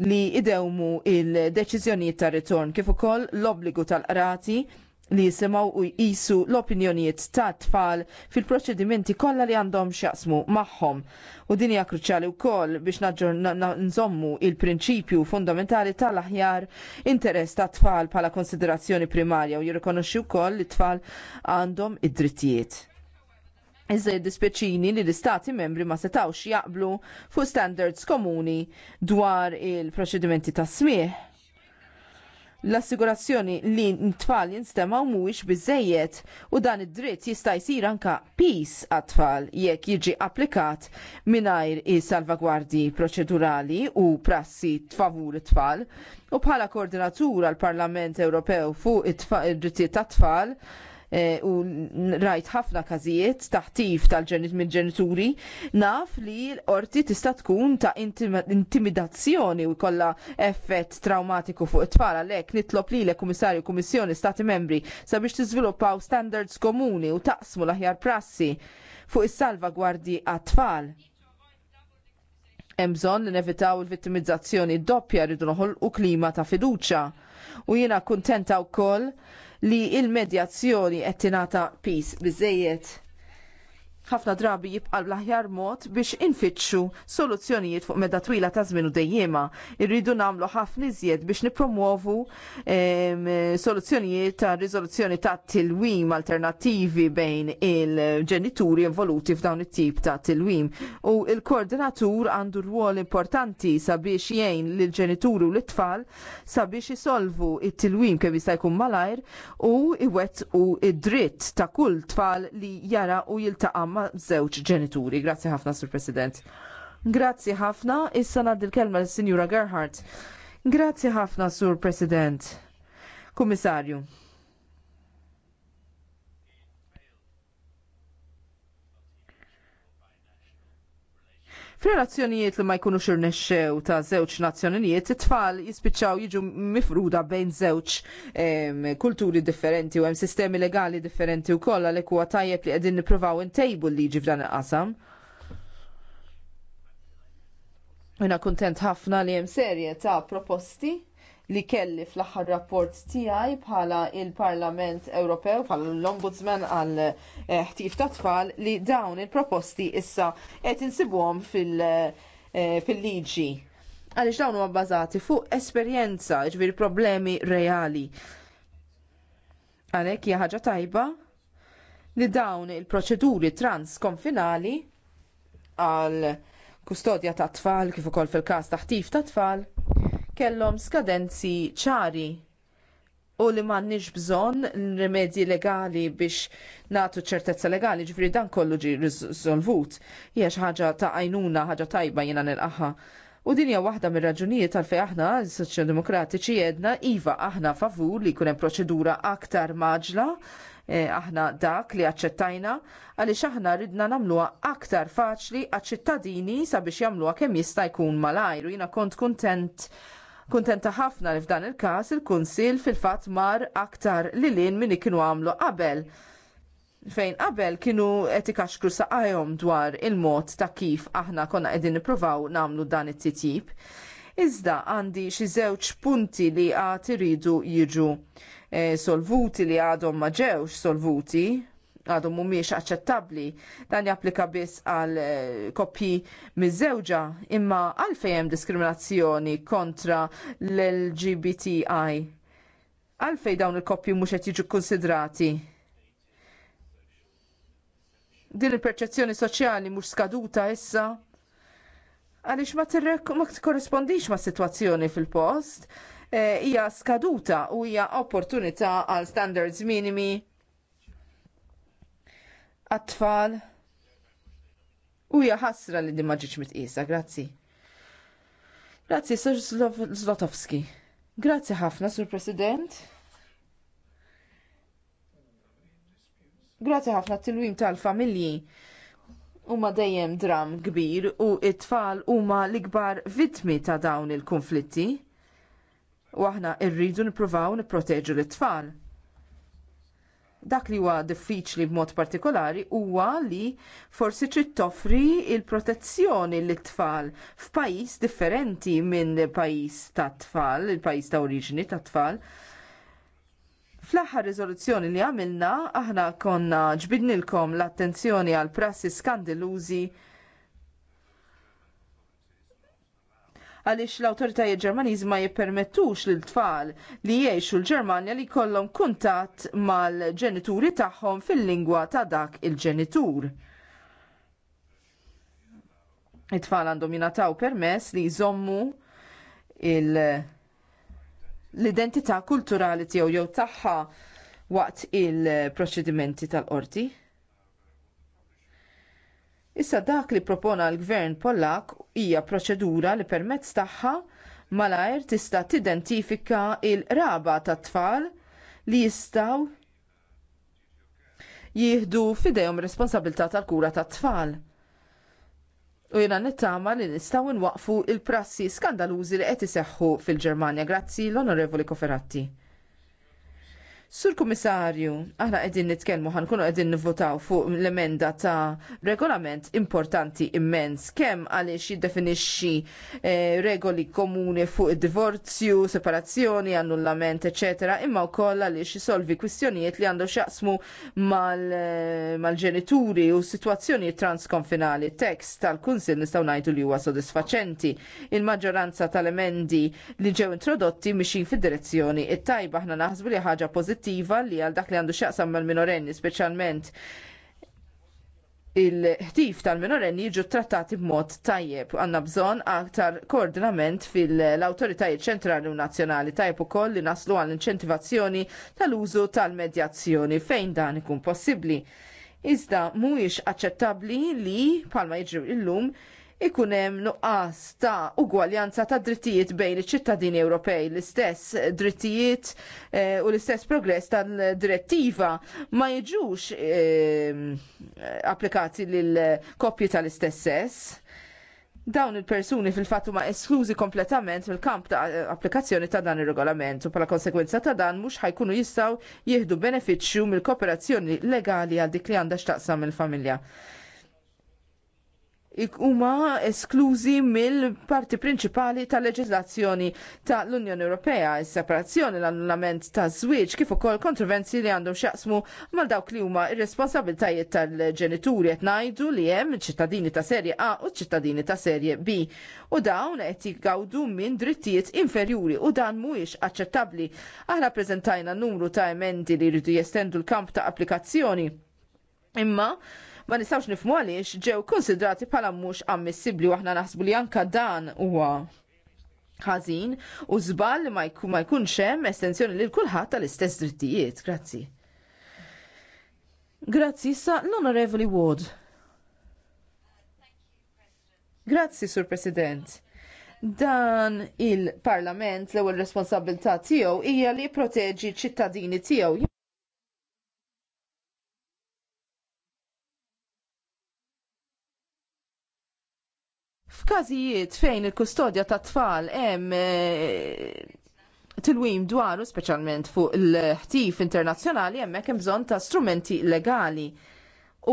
li idewmu il-deċiżjonijiet ta' ritorn kif ukoll l-obbligu tal-qrati li jisimaw u jqisu l-opinjonijiet ta' tfal fil-proċedimenti kollha li għandhom x'jaqsmu magħhom. U din hija kruċjali wkoll biex nżommu il-prinċipju fundamentali tal-aħjar interess ta' tfal bħala konsiderazzjoni primarja u jirrikonoxxi wkoll li tfal għandhom id-drittijiet. Iżda dispeċini li l-istati membri ma setawx jaqblu fuq standards komuni dwar il-proċedimenti ta' smieħ. L-assigurazzjoni li n-tfal jinstema mhuwiex bizzejiet u dan id-dritt jista' jsir anka pis għat-tfal jekk jiġi applikat mingħajr is salvagwardi proċedurali u prassi favur it-tfal u bħala koordinatura l-Parlament Ewropew fuq id-drittijiet tat tfal Eh, u rajt ħafna każijiet taħtif tal-ġenit mill-ġenituri, naf li l-qorti tista' tkun ta' intimidazzjoni u kollha effett traumatiku fuq it-tfal għalhekk nitlob li l-Kummissarju Kummissjoni Stati Membri sabiex tiżviluppaw standards komuni u taqsmu l-aħjar prassi fuq is-salvagwardji għat-tfal hemm bżonn li nevitaw il-vittimizzazzjoni doppja rridu noħolqu klima ta' fiduċja. U jiena kuntenta wkoll li il-medjazzjoni qed tingħata peace biżejjed ħafna drabi jibqal l-aħjar mod biex infittxu soluzzjonijiet fuq meda twila ta' żmien u dejjema. Irridu nagħmlu ħafna iżjed biex nipromuovu soluzzjonijiet ta' riżoluzzjoni ta' tilwim alternattivi bejn il-ġenituri involuti f'dawn it-tip ta' tilwim. U il-koordinatur għandu rwol importanti sabiex jgħin lill ġenituri u l-tfal sabiex isolvu it-tilwim kemm jista' jkun malajr u iwettqu id-dritt ta' kull tfal li jara u jiltaqa' ma' zewċ ġenituri. Grazzi ħafna, Sur President. Grazzi ħafna, issa naddi l-kelma l-Sinjura Gerhardt. Grazzi ħafna, Sur President. Kommissarju. F'relazzjonijiet li ma jkunux irnexxew ta' żewġ nazzjonijiet it-tfal jispiċċaw jiġu mifruda bejn żewġ kulturi differenti u hemm sistemi legali differenti wkoll għalhekk huwa tajjeb li qegħdin nippruvaw intejbu l-liġi f'dan il-qasam. Jena kuntent ħafna li hemm serje ta' proposti li kelli fl-aħħar rapport tiegħi bħala l parlament Ewropew bħala l-Ombudsman għal eh, ħtif ta' tfal li dawn il-proposti issa qed insibuhom eh, fil-liġi. Għaliex dawn huwa bbażati fuq esperjenza, ġbir problemi reali. Għalhekk hija ħaġa tajba li dawn il-proċeduri transkonfinali għal kustodja ta' tfal kif ukoll fil-każ ta' ħtif ta' tfal kellhom skadenzi ċari u li m'għandniex bżonn rimedji legali biex nagħtu ċertezza legali, ġifri dan kollu ġie riżolvut. jiex ħaġa ta' għajnuna, ħaġa tajba jiena nilqaha. U dinja waħda mir-raġunijiet tal-fej aħna soċjaldemokratiċi jedna iva aħna favur li jkun hemm proċedura aktar maġla eh, aħna dak li aċċettajna għaliex aħna ridna nagħmluha aktar faċli għaċ-ċittadini sabiex jagħmluha kemm jista' jkun malajr u jiena kont kuntent Kuntenta ħafna li f'dan il-każ il-Kunsil fil-fatt mar aktar li lin minni kienu għamlu qabel fejn qabel kienu etika xkru saqajhom dwar il-mod ta' kif aħna konna qegħdin nippruvaw nagħmlu dan it-titjib. Iżda għandi xi żewġ punti li għad iridu jiġu eh, solvuti li għadhom ma ġewx solvuti għadu mumiex aċċettabli. Dan japplika biss għal eh, koppji miż-żewġa imma għalfejn hemm diskriminazzjoni kontra l-LGBTI. Għalfejn dawn il-koppji mhux qed jiġu kkunsidrati. Din il-perċezzjoni soċjali mhux skaduta issa għaliex ma tikkorrispondix ma' sitwazzjoni fil-post eh, hija skaduta u hija opportunità għal standards minimi għat-tfal. U ħasra li din ma ġietx mitqisa, grazzi. Grazzi, Sir Zlotowski. Grazzi ħafna, Sur President. Grazzi ħafna t-tilwim tal-familji huma dejjem dram kbir u t tfal huma l-ikbar vittmi ta' dawn il-konflitti. U aħna rridu nippruvaw nipproteġu l-tfal. Dak li huwa diffiċli b'mod partikolari huwa li forsi trid toffri l protezzjoni l tfal f'pajjiż differenti minn pajjiż tat tfal, il-pajjiż ta' oriġini tat tfal. Fl-aħħar riżoluzzjoni li għamilna, aħna konna ġbidnilkom l-attenzjoni għal prassi skandalużi għaliex l-awtoritajiet Ġermaniż ma jippermettux lill tfal li jgħixu l-Ġermanja li jkollhom kuntatt mal-ġenituri tagħhom fil-lingwa ta' dak il-ġenitur. It-tfal għandhom jingħataw permess li jżommu l-identità kulturali tiegħu jew tagħha waqt il-proċedimenti tal-qorti. Issa dak li propona l-gvern Pollak hija proċedura li permezz tagħha malajr tista' tidentifika l raba tat-tfal li jistgħu jieħdu fidejhom responsabilità tal-kura tat-tfal u jena nittama li nistaw nwaqfu il-prassi skandalużi li qed iseħħu fil-Ġermanja. Grazzi l-Onorevoli Koferatti. Sur Kummissarju, aħna qegħdin nitkellmu ħankunu qegħdin nivvotaw fuq l-emenda ta' regolament importanti immens kemm għaliex jiddefinixxi eh, regoli komuni fuq id-divorzju, separazzjoni, annullament, eċetera, imma wkoll għaliex isolvi kwistjonijiet li għandu x'jaqsmu eh, mal-ġenituri u situazzjoni transkonfinali. Tekst tal-Kunsil nistgħu ngħidu li huwa sodisfaċenti. Il-maġġoranza tal-emendi li ġew introdotti mixin fid-direzzjoni it-tajba aħna naħsbu li ħaġa pożittiva direttiva li għal dak li għandu xaqsam mal-minorenni, speċjalment il-ħtif tal-minorenni jiġu trattati b'mod tajjeb. Għanna bżon aktar koordinament fil-autoritajiet ċentrali u nazzjonali tajjeb ukoll li naslu għall inċentivazzjoni tal-użu tal-medjazzjoni fejn dan ikun possibbli. Iżda mhuwiex aċċettabbli li palma jiġu illum ikun hemm nuqqas ta' ugwaljanza ta' drittijiet bejn iċ-ċittadini Ewropej l-istess drittijiet eh, u l-istess progress tal-direttiva ma jiġux eh, applikati lil koppji tal-istess sess dawn il-persuni fil-fatt huma esklużi kompletament mill-kamp ta' applikazzjoni ta' dan ir-regolament u bħala konsekwenza ta' dan mhux ħajkunu jistgħu jieħdu benefiċċju mill-kooperazzjoni legali għal dik li għandha x'taqsam mill-familja huma esklużi mill-parti prinċipali tal-leġislazzjoni tal-Unjoni Ewropea, is-separazzjoni l-annullament ta' żwieġ kif ukoll kontroversi li għandhom x'jaqsmu mal dawk li huma ir-responsabiltajiet tal-ġenituri qed ngħidu li hemm ċittadini ta' serje A u ċittadini ta' serje B. U dawn qed jgawdu minn drittijiet inferjuri u dan mhuwiex aċċettabbli. Aħna preżentajna numru ta' emendi li jridu jestendu l-kamp ta' applikazzjoni. Imma ma nistawx nifmu għaliex ġew konsidrati bħala mhux ammissibbli u aħna naħsbu li anka dan huwa ħażin u żball li ma jkunx hemm estensjoni lil kulħadd tal-istess drittijiet. Grazzi. Grazzi sa l-Onorevoli Ward. Grazzi, Sur President dan il-Parlament l ewwel responsabilità tiegħu hija li jipproteġi ċ ċittadini tiegħu. F'każijiet fejn il-kustodja ta' tfal hemm eh, tilwim dwaru speċjalment fuq il-ħtif internazzjonali hemmhekk hemm bżonn ta' strumenti legali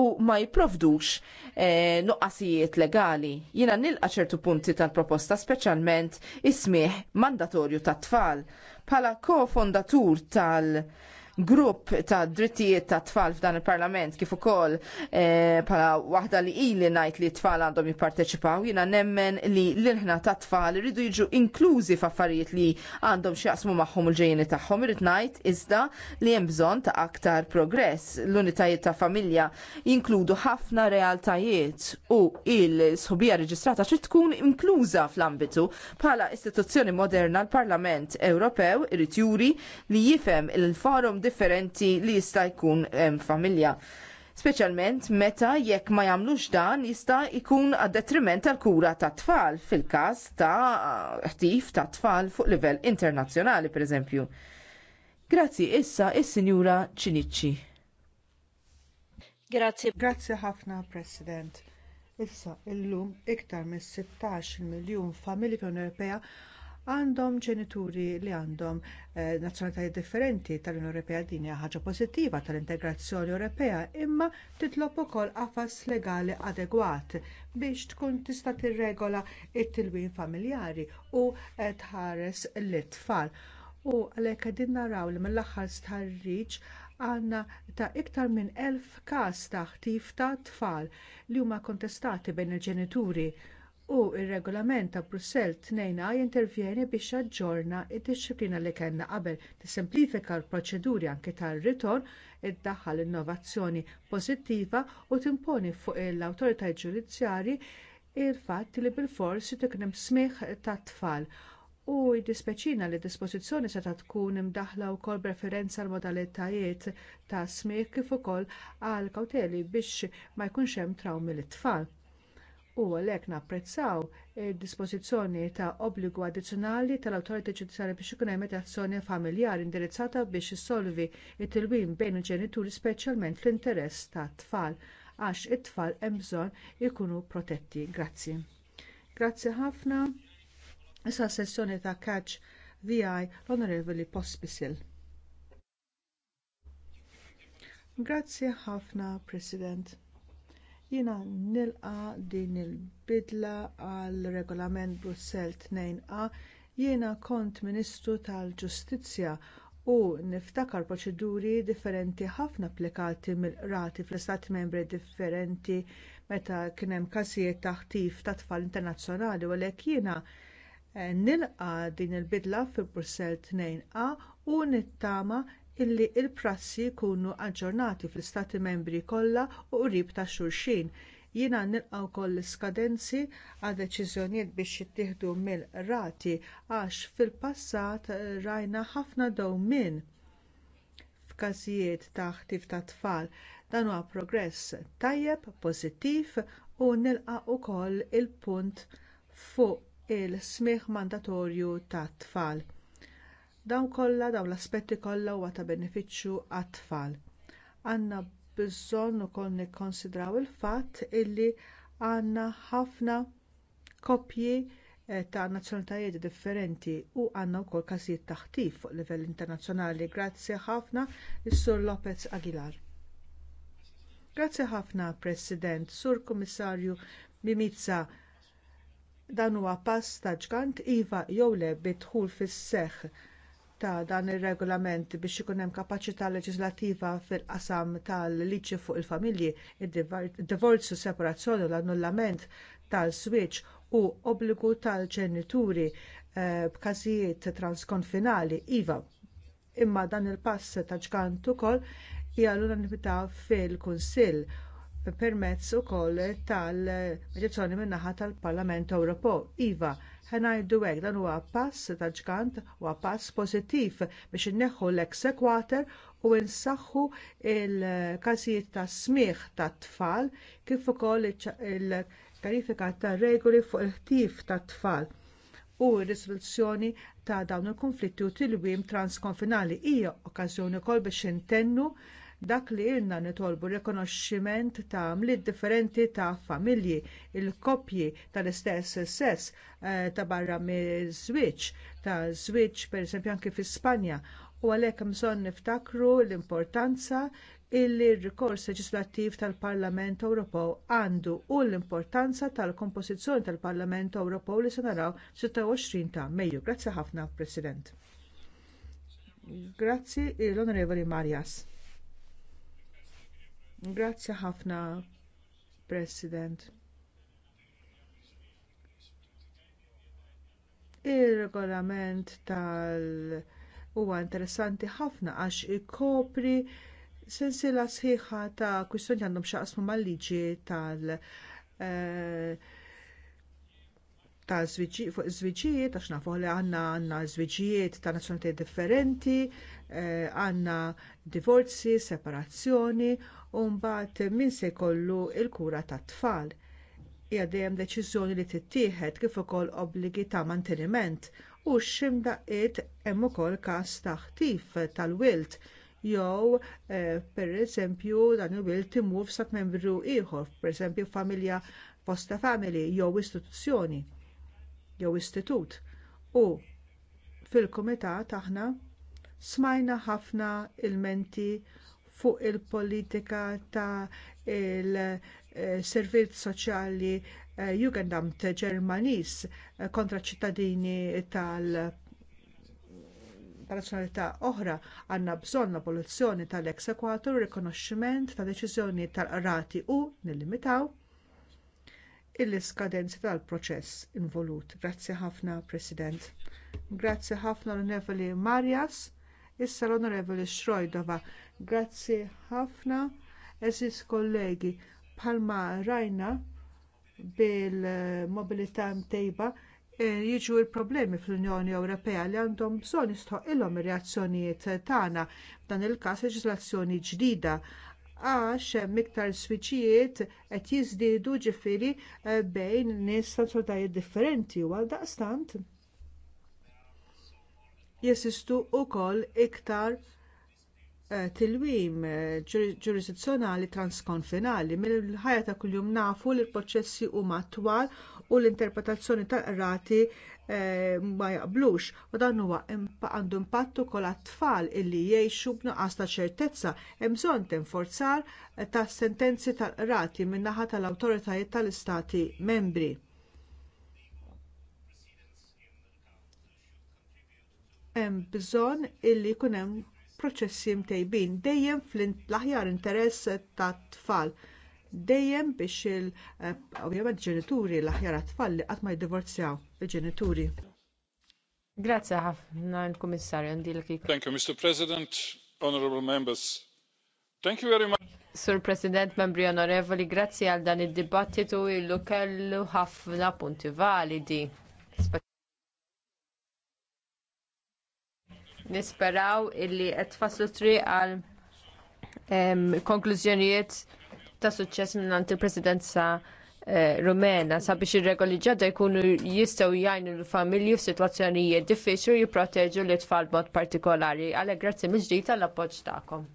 u ma jipprovdux eh, nuqqasijiet legali. Jiena nilqa ċertu punti tal-proposta speċjalment ismih mandatorju tat tfal. Bħala kofondatur tal- grupp ta' drittijiet ta' tfal f'dan il-Parlament kif ukoll pala eh, bħala waħda li ili ngħid li tfal għandhom jipparteċipaw, jiena nemmen li l ħna ta' tfal iridu jiġu inklużi f'affarijiet li għandhom x'jaqsmu magħhom il-ġejjeni tagħhom, irid ngħid iżda li hemm bżonn ta' aktar progress. L-unitajiet ta' familja jinkludu ħafna realtajiet u il-sħubija reġistrata xi tkun inkluża fl-ambitu bħala istituzzjoni moderna l-Parlament Ewropew irid juri li jifhem il-forum differenti li jista' jkun hemm familja. Speċjalment meta jekk ma jagħmlux dan jista' jkun għad detriment tal-kura ta' tfal fil-każ ta' ħtif ta' tfal fuq livell internazzjonali pereżempju. Grazzi issa is-Sinjura Ċinicċi. Grazzi. Grazzi ħafna President. Issa illum iktar mis 16 miljun familja Ewropea għandhom ġenituri li għandhom eh, nazzjonalitajiet differenti tal-Unjoni Ewropea din hija ħaġa pożittiva tal-integrazzjoni Ewropea imma titlob ukoll qafas legali adegwat biex tkun tista' tirregola t tilwin familjari u eh, tħares l-tfal. U għalhekk qegħdin naraw li mill-aħħar stħarriġ għandna ta' iktar minn elf każ ta' ħtif ta' tfal li huma kontestati bejn il-ġenituri u r regolament ta' Brussell 2A jintervjeni biex jaġġorna d-disciplina li kellna qabel tissimplifika l-proċeduri anke tar-ritorn, iddaħħal innovazzjoni pożittiva u timponi fuq l-awtoritajiet ġudizzjarji l fatt li bilfors tkun hemm smigħ tat tfal u jiddispeċina li d dispożizzjoni seta' tkun imdaħla wkoll b'referenza għall modalitajiet ta' smigħ kif ukoll għal kawteli biex ma jkunx hemm trawmi lit tfal u għalhekk napprezzaw id-dispożizzjoni ta' obbligu addizzjonali tal-awtorità ġudizzjarja biex ikun hemm azzjoni familjari indirizzata biex issolvi t tilwim bejn il-ġenituri speċjalment fl-interess tat-tfal għax it-tfal hemm bżonn ikunu protetti. Grazzi. Grazzi ħafna. Issa sessjoni ta' kaċ VI l-Onorevoli Pospisil. Grazzi ħafna, President. Jiena nilqa din il-bidla għal regolament Brussell 2A jiena kont Ministru tal-Ġustizzja u niftakar proċeduri differenti ħafna applikati mill-qrati fl-istati membri differenti meta kien hemm każijiet ta' ta' tfal internazzjonali u għalhekk jiena eh, nilqa din il-bidla fi Brussell 2A u nittama illi l il prassi jkunu aġġornati fl-istati membri kollha u qrib ta' xulxin. Jiena nilqgħu wkoll l-iskadenzi deċiżjonijiet biex jittieħdu mill-rati għax fil-passat rajna ħafna dewmien f'każijiet ta' ħtif ta' tfal. Dan huwa progress tajjeb, pożittiv u nilqa' ukoll il-punt fuq il-smigħ mandatorju tat tfal Dawn kollha dawn l-aspetti kollha huwa ta' benefiċċju għat-tfal. Għandna bżonn ukoll nikkonsidraw il-fatt illi għandna ħafna koppji eh, ta' nazzjonalitajiet differenti u għandna wkoll każijiet ta' ħtif fuq livell internazzjonali. Grazzi ħafna is-Sur Lopez Aguilar. Grazzi ħafna President, Sur Kummissarju Mimizza. Dan huwa pass ta' ġgant iva jew le bidħul fis-seħħ ta' dan ir-regolament biex ikun hemm kapaċità leġislattiva fil-qasam tal-liġi fuq il-familji, id-divorzju, separazzjoni u l-annullament tal-switch u obbligu tal-ġenituri eh, b'każijiet transkonfinali iva. Imma dan il-pass ta' ġkant ukoll hija l-unanimità fil-Kunsill permezz ukoll tal-mediazzjoni min-naħa tal-Parlament Ewropew. Iva, ħenajdu hekk dan huwa pass ta' ġkant huwa pass pożittiv biex inneħħu l-eksekwater u nsaħħu l każijiet ta' smigħ tat tfal kif ukoll il-karifika ta' regoli fuq il-ħtif tat tfal u r-risoluzzjoni ta' dawn il-konflitti u tilwim transkonfinali hija okkażjoni wkoll biex intennu Dak li irna nitolbu rikonoxximent ta' mliet differenti ta' familji, il-koppji tal-istess sess eh, ta' barra miż-żwieġ, ta' żwieġ pereżempju anke fi Spanja u għalhekk hemm bżonn niftakru l-importanza illi r-rikors leġislattiv tal-Parlament Ewropew għandu u l-importanza tal-kompożizzjoni tal-Parlament Ewropew li se naraw 26 ta' Mejju. Grazzi ħafna, President. Grazzi l-Onorevoli Marjas. Grazzi ħafna, President. Ir-regolament tal- huwa interessanti ħafna għax ikopri sensiela sħiħa ta' kwistjoni għandhom xaqsmu mal-liġi tal- uh, ta' zwiġi, fuq żwiġijiet għax nafu li għandna għandna żwiġijiet ta' nazzjonalitajiet differenti, eh, għandna divorzi, separazzjoni, u mbagħad min se jkollu l kura tat tfal. Hija dejjem deċiżjoni li tittieħed kif ukoll obbligi ta' manteniment u x'imdaqqiet hemm ukoll każ ta' tal-wilt jew eh, pereżempju dan il-wilt imur f'sat membru ieħor, pereżempju familja posta family jew istituzzjoni jew istitut. U fil-kumitat aħna smajna ħafna ilmenti fuq il-politika ta' il-servizz soċjali eh, Jugendamt Ġermanis eh, kontra ċittadini tal- nazzjonalità oħra għandna bżonn abolizzjoni tal-eksekwatur, rikonoxximent ta' deċiżjoni tal-qrati u nillimitaw il-iskadenzi tal-proċess involut. Grazzi ħafna, President. Grazzi ħafna l-Onorevoli Marjas, issa l-Onorevoli Schrojdova. Grazzi ħafna, eżis kollegi, palma rajna bil-mobilità mtejba e, jiġu l problemi fl-Unjoni Ewropea li għandhom bżonn jistħoq ilhom ir-reazzjonijiet tagħna f'dan il-każ leġiżlazzjoni ġdida għax miktar swiċijiet qed jiżdiedu ġifieri eh, bejn nies ta' sodajiet differenti u daqstant jeżistu wkoll iktar Eh, tilwim eh, ġurisdizzjonali transkonfinali mill-ħajja ta' kuljum nafu li l-proċessi huma twal u l-interpretazzjoni tal-qrati eh, ma jaqblux u dan huwa għandu impatt ukoll għat-tfal illi jgħixu b'nuqqas ta' ċertezza hemm bżonn tinforzar tas sentenzi tal-qrati min-naħa tal-awtoritajiet tal-istati membri. Hemm bżonn illi jkun hemm proċessi mtejbin dejjem fl-aħjar interess tat-tfal dejjem biex il eh, ovvjament ġenituri l-aħjar tfal li qatt ma jiddivorzjaw il-ġenituri. Grazzi ħafna l-Kummissarju Thank you, Mr. President, Honorable Members. Thank you very much. Sur President, membri onorevoli, grazzi għal dan id-dibattitu illu kellu ħafna punti validi. nisperaw illi qed tfasslu triq għal konklużjonijiet ta' suċċess minn il-Presidenza eh, Rumena sabiex ir-regoli ġodda jkunu jistgħu jgħinu l-familji f'sitwazzjonijiet diffiċli u jipproteġu l-itfal b'mod partikolari. Għalhekk grazzi mill-ġdid tal-appoġġ tagħkom.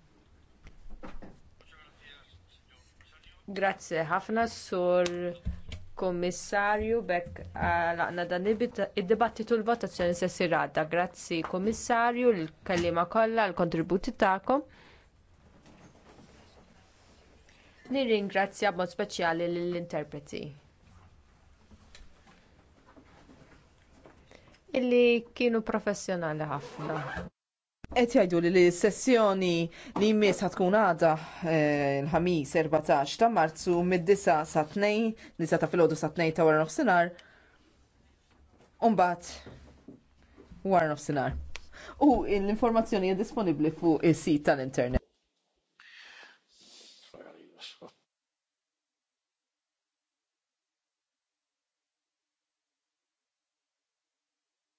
Grazzi ħafna sur Kummissarju bekk ah, laqna dan id-dibattitu l-votazzjoni se ssir Grazzi Kummissarju l-kellima kollha l-kontributi tagħkom. Nirringrazzja b'mod speċjali lill-interpreti. Illi kienu professjonali ħafna. Et jajdu li l-sessjoni li jmiss ħatkun għada eh, l-ħamis 14 ta' marzu mid-9 sa' t-nej, disa ta' filodu sa' t-nej ta' warnof sinar, unbat warnof sinar. U l-informazzjoni jad disponibbli fuq is-sit tal-internet.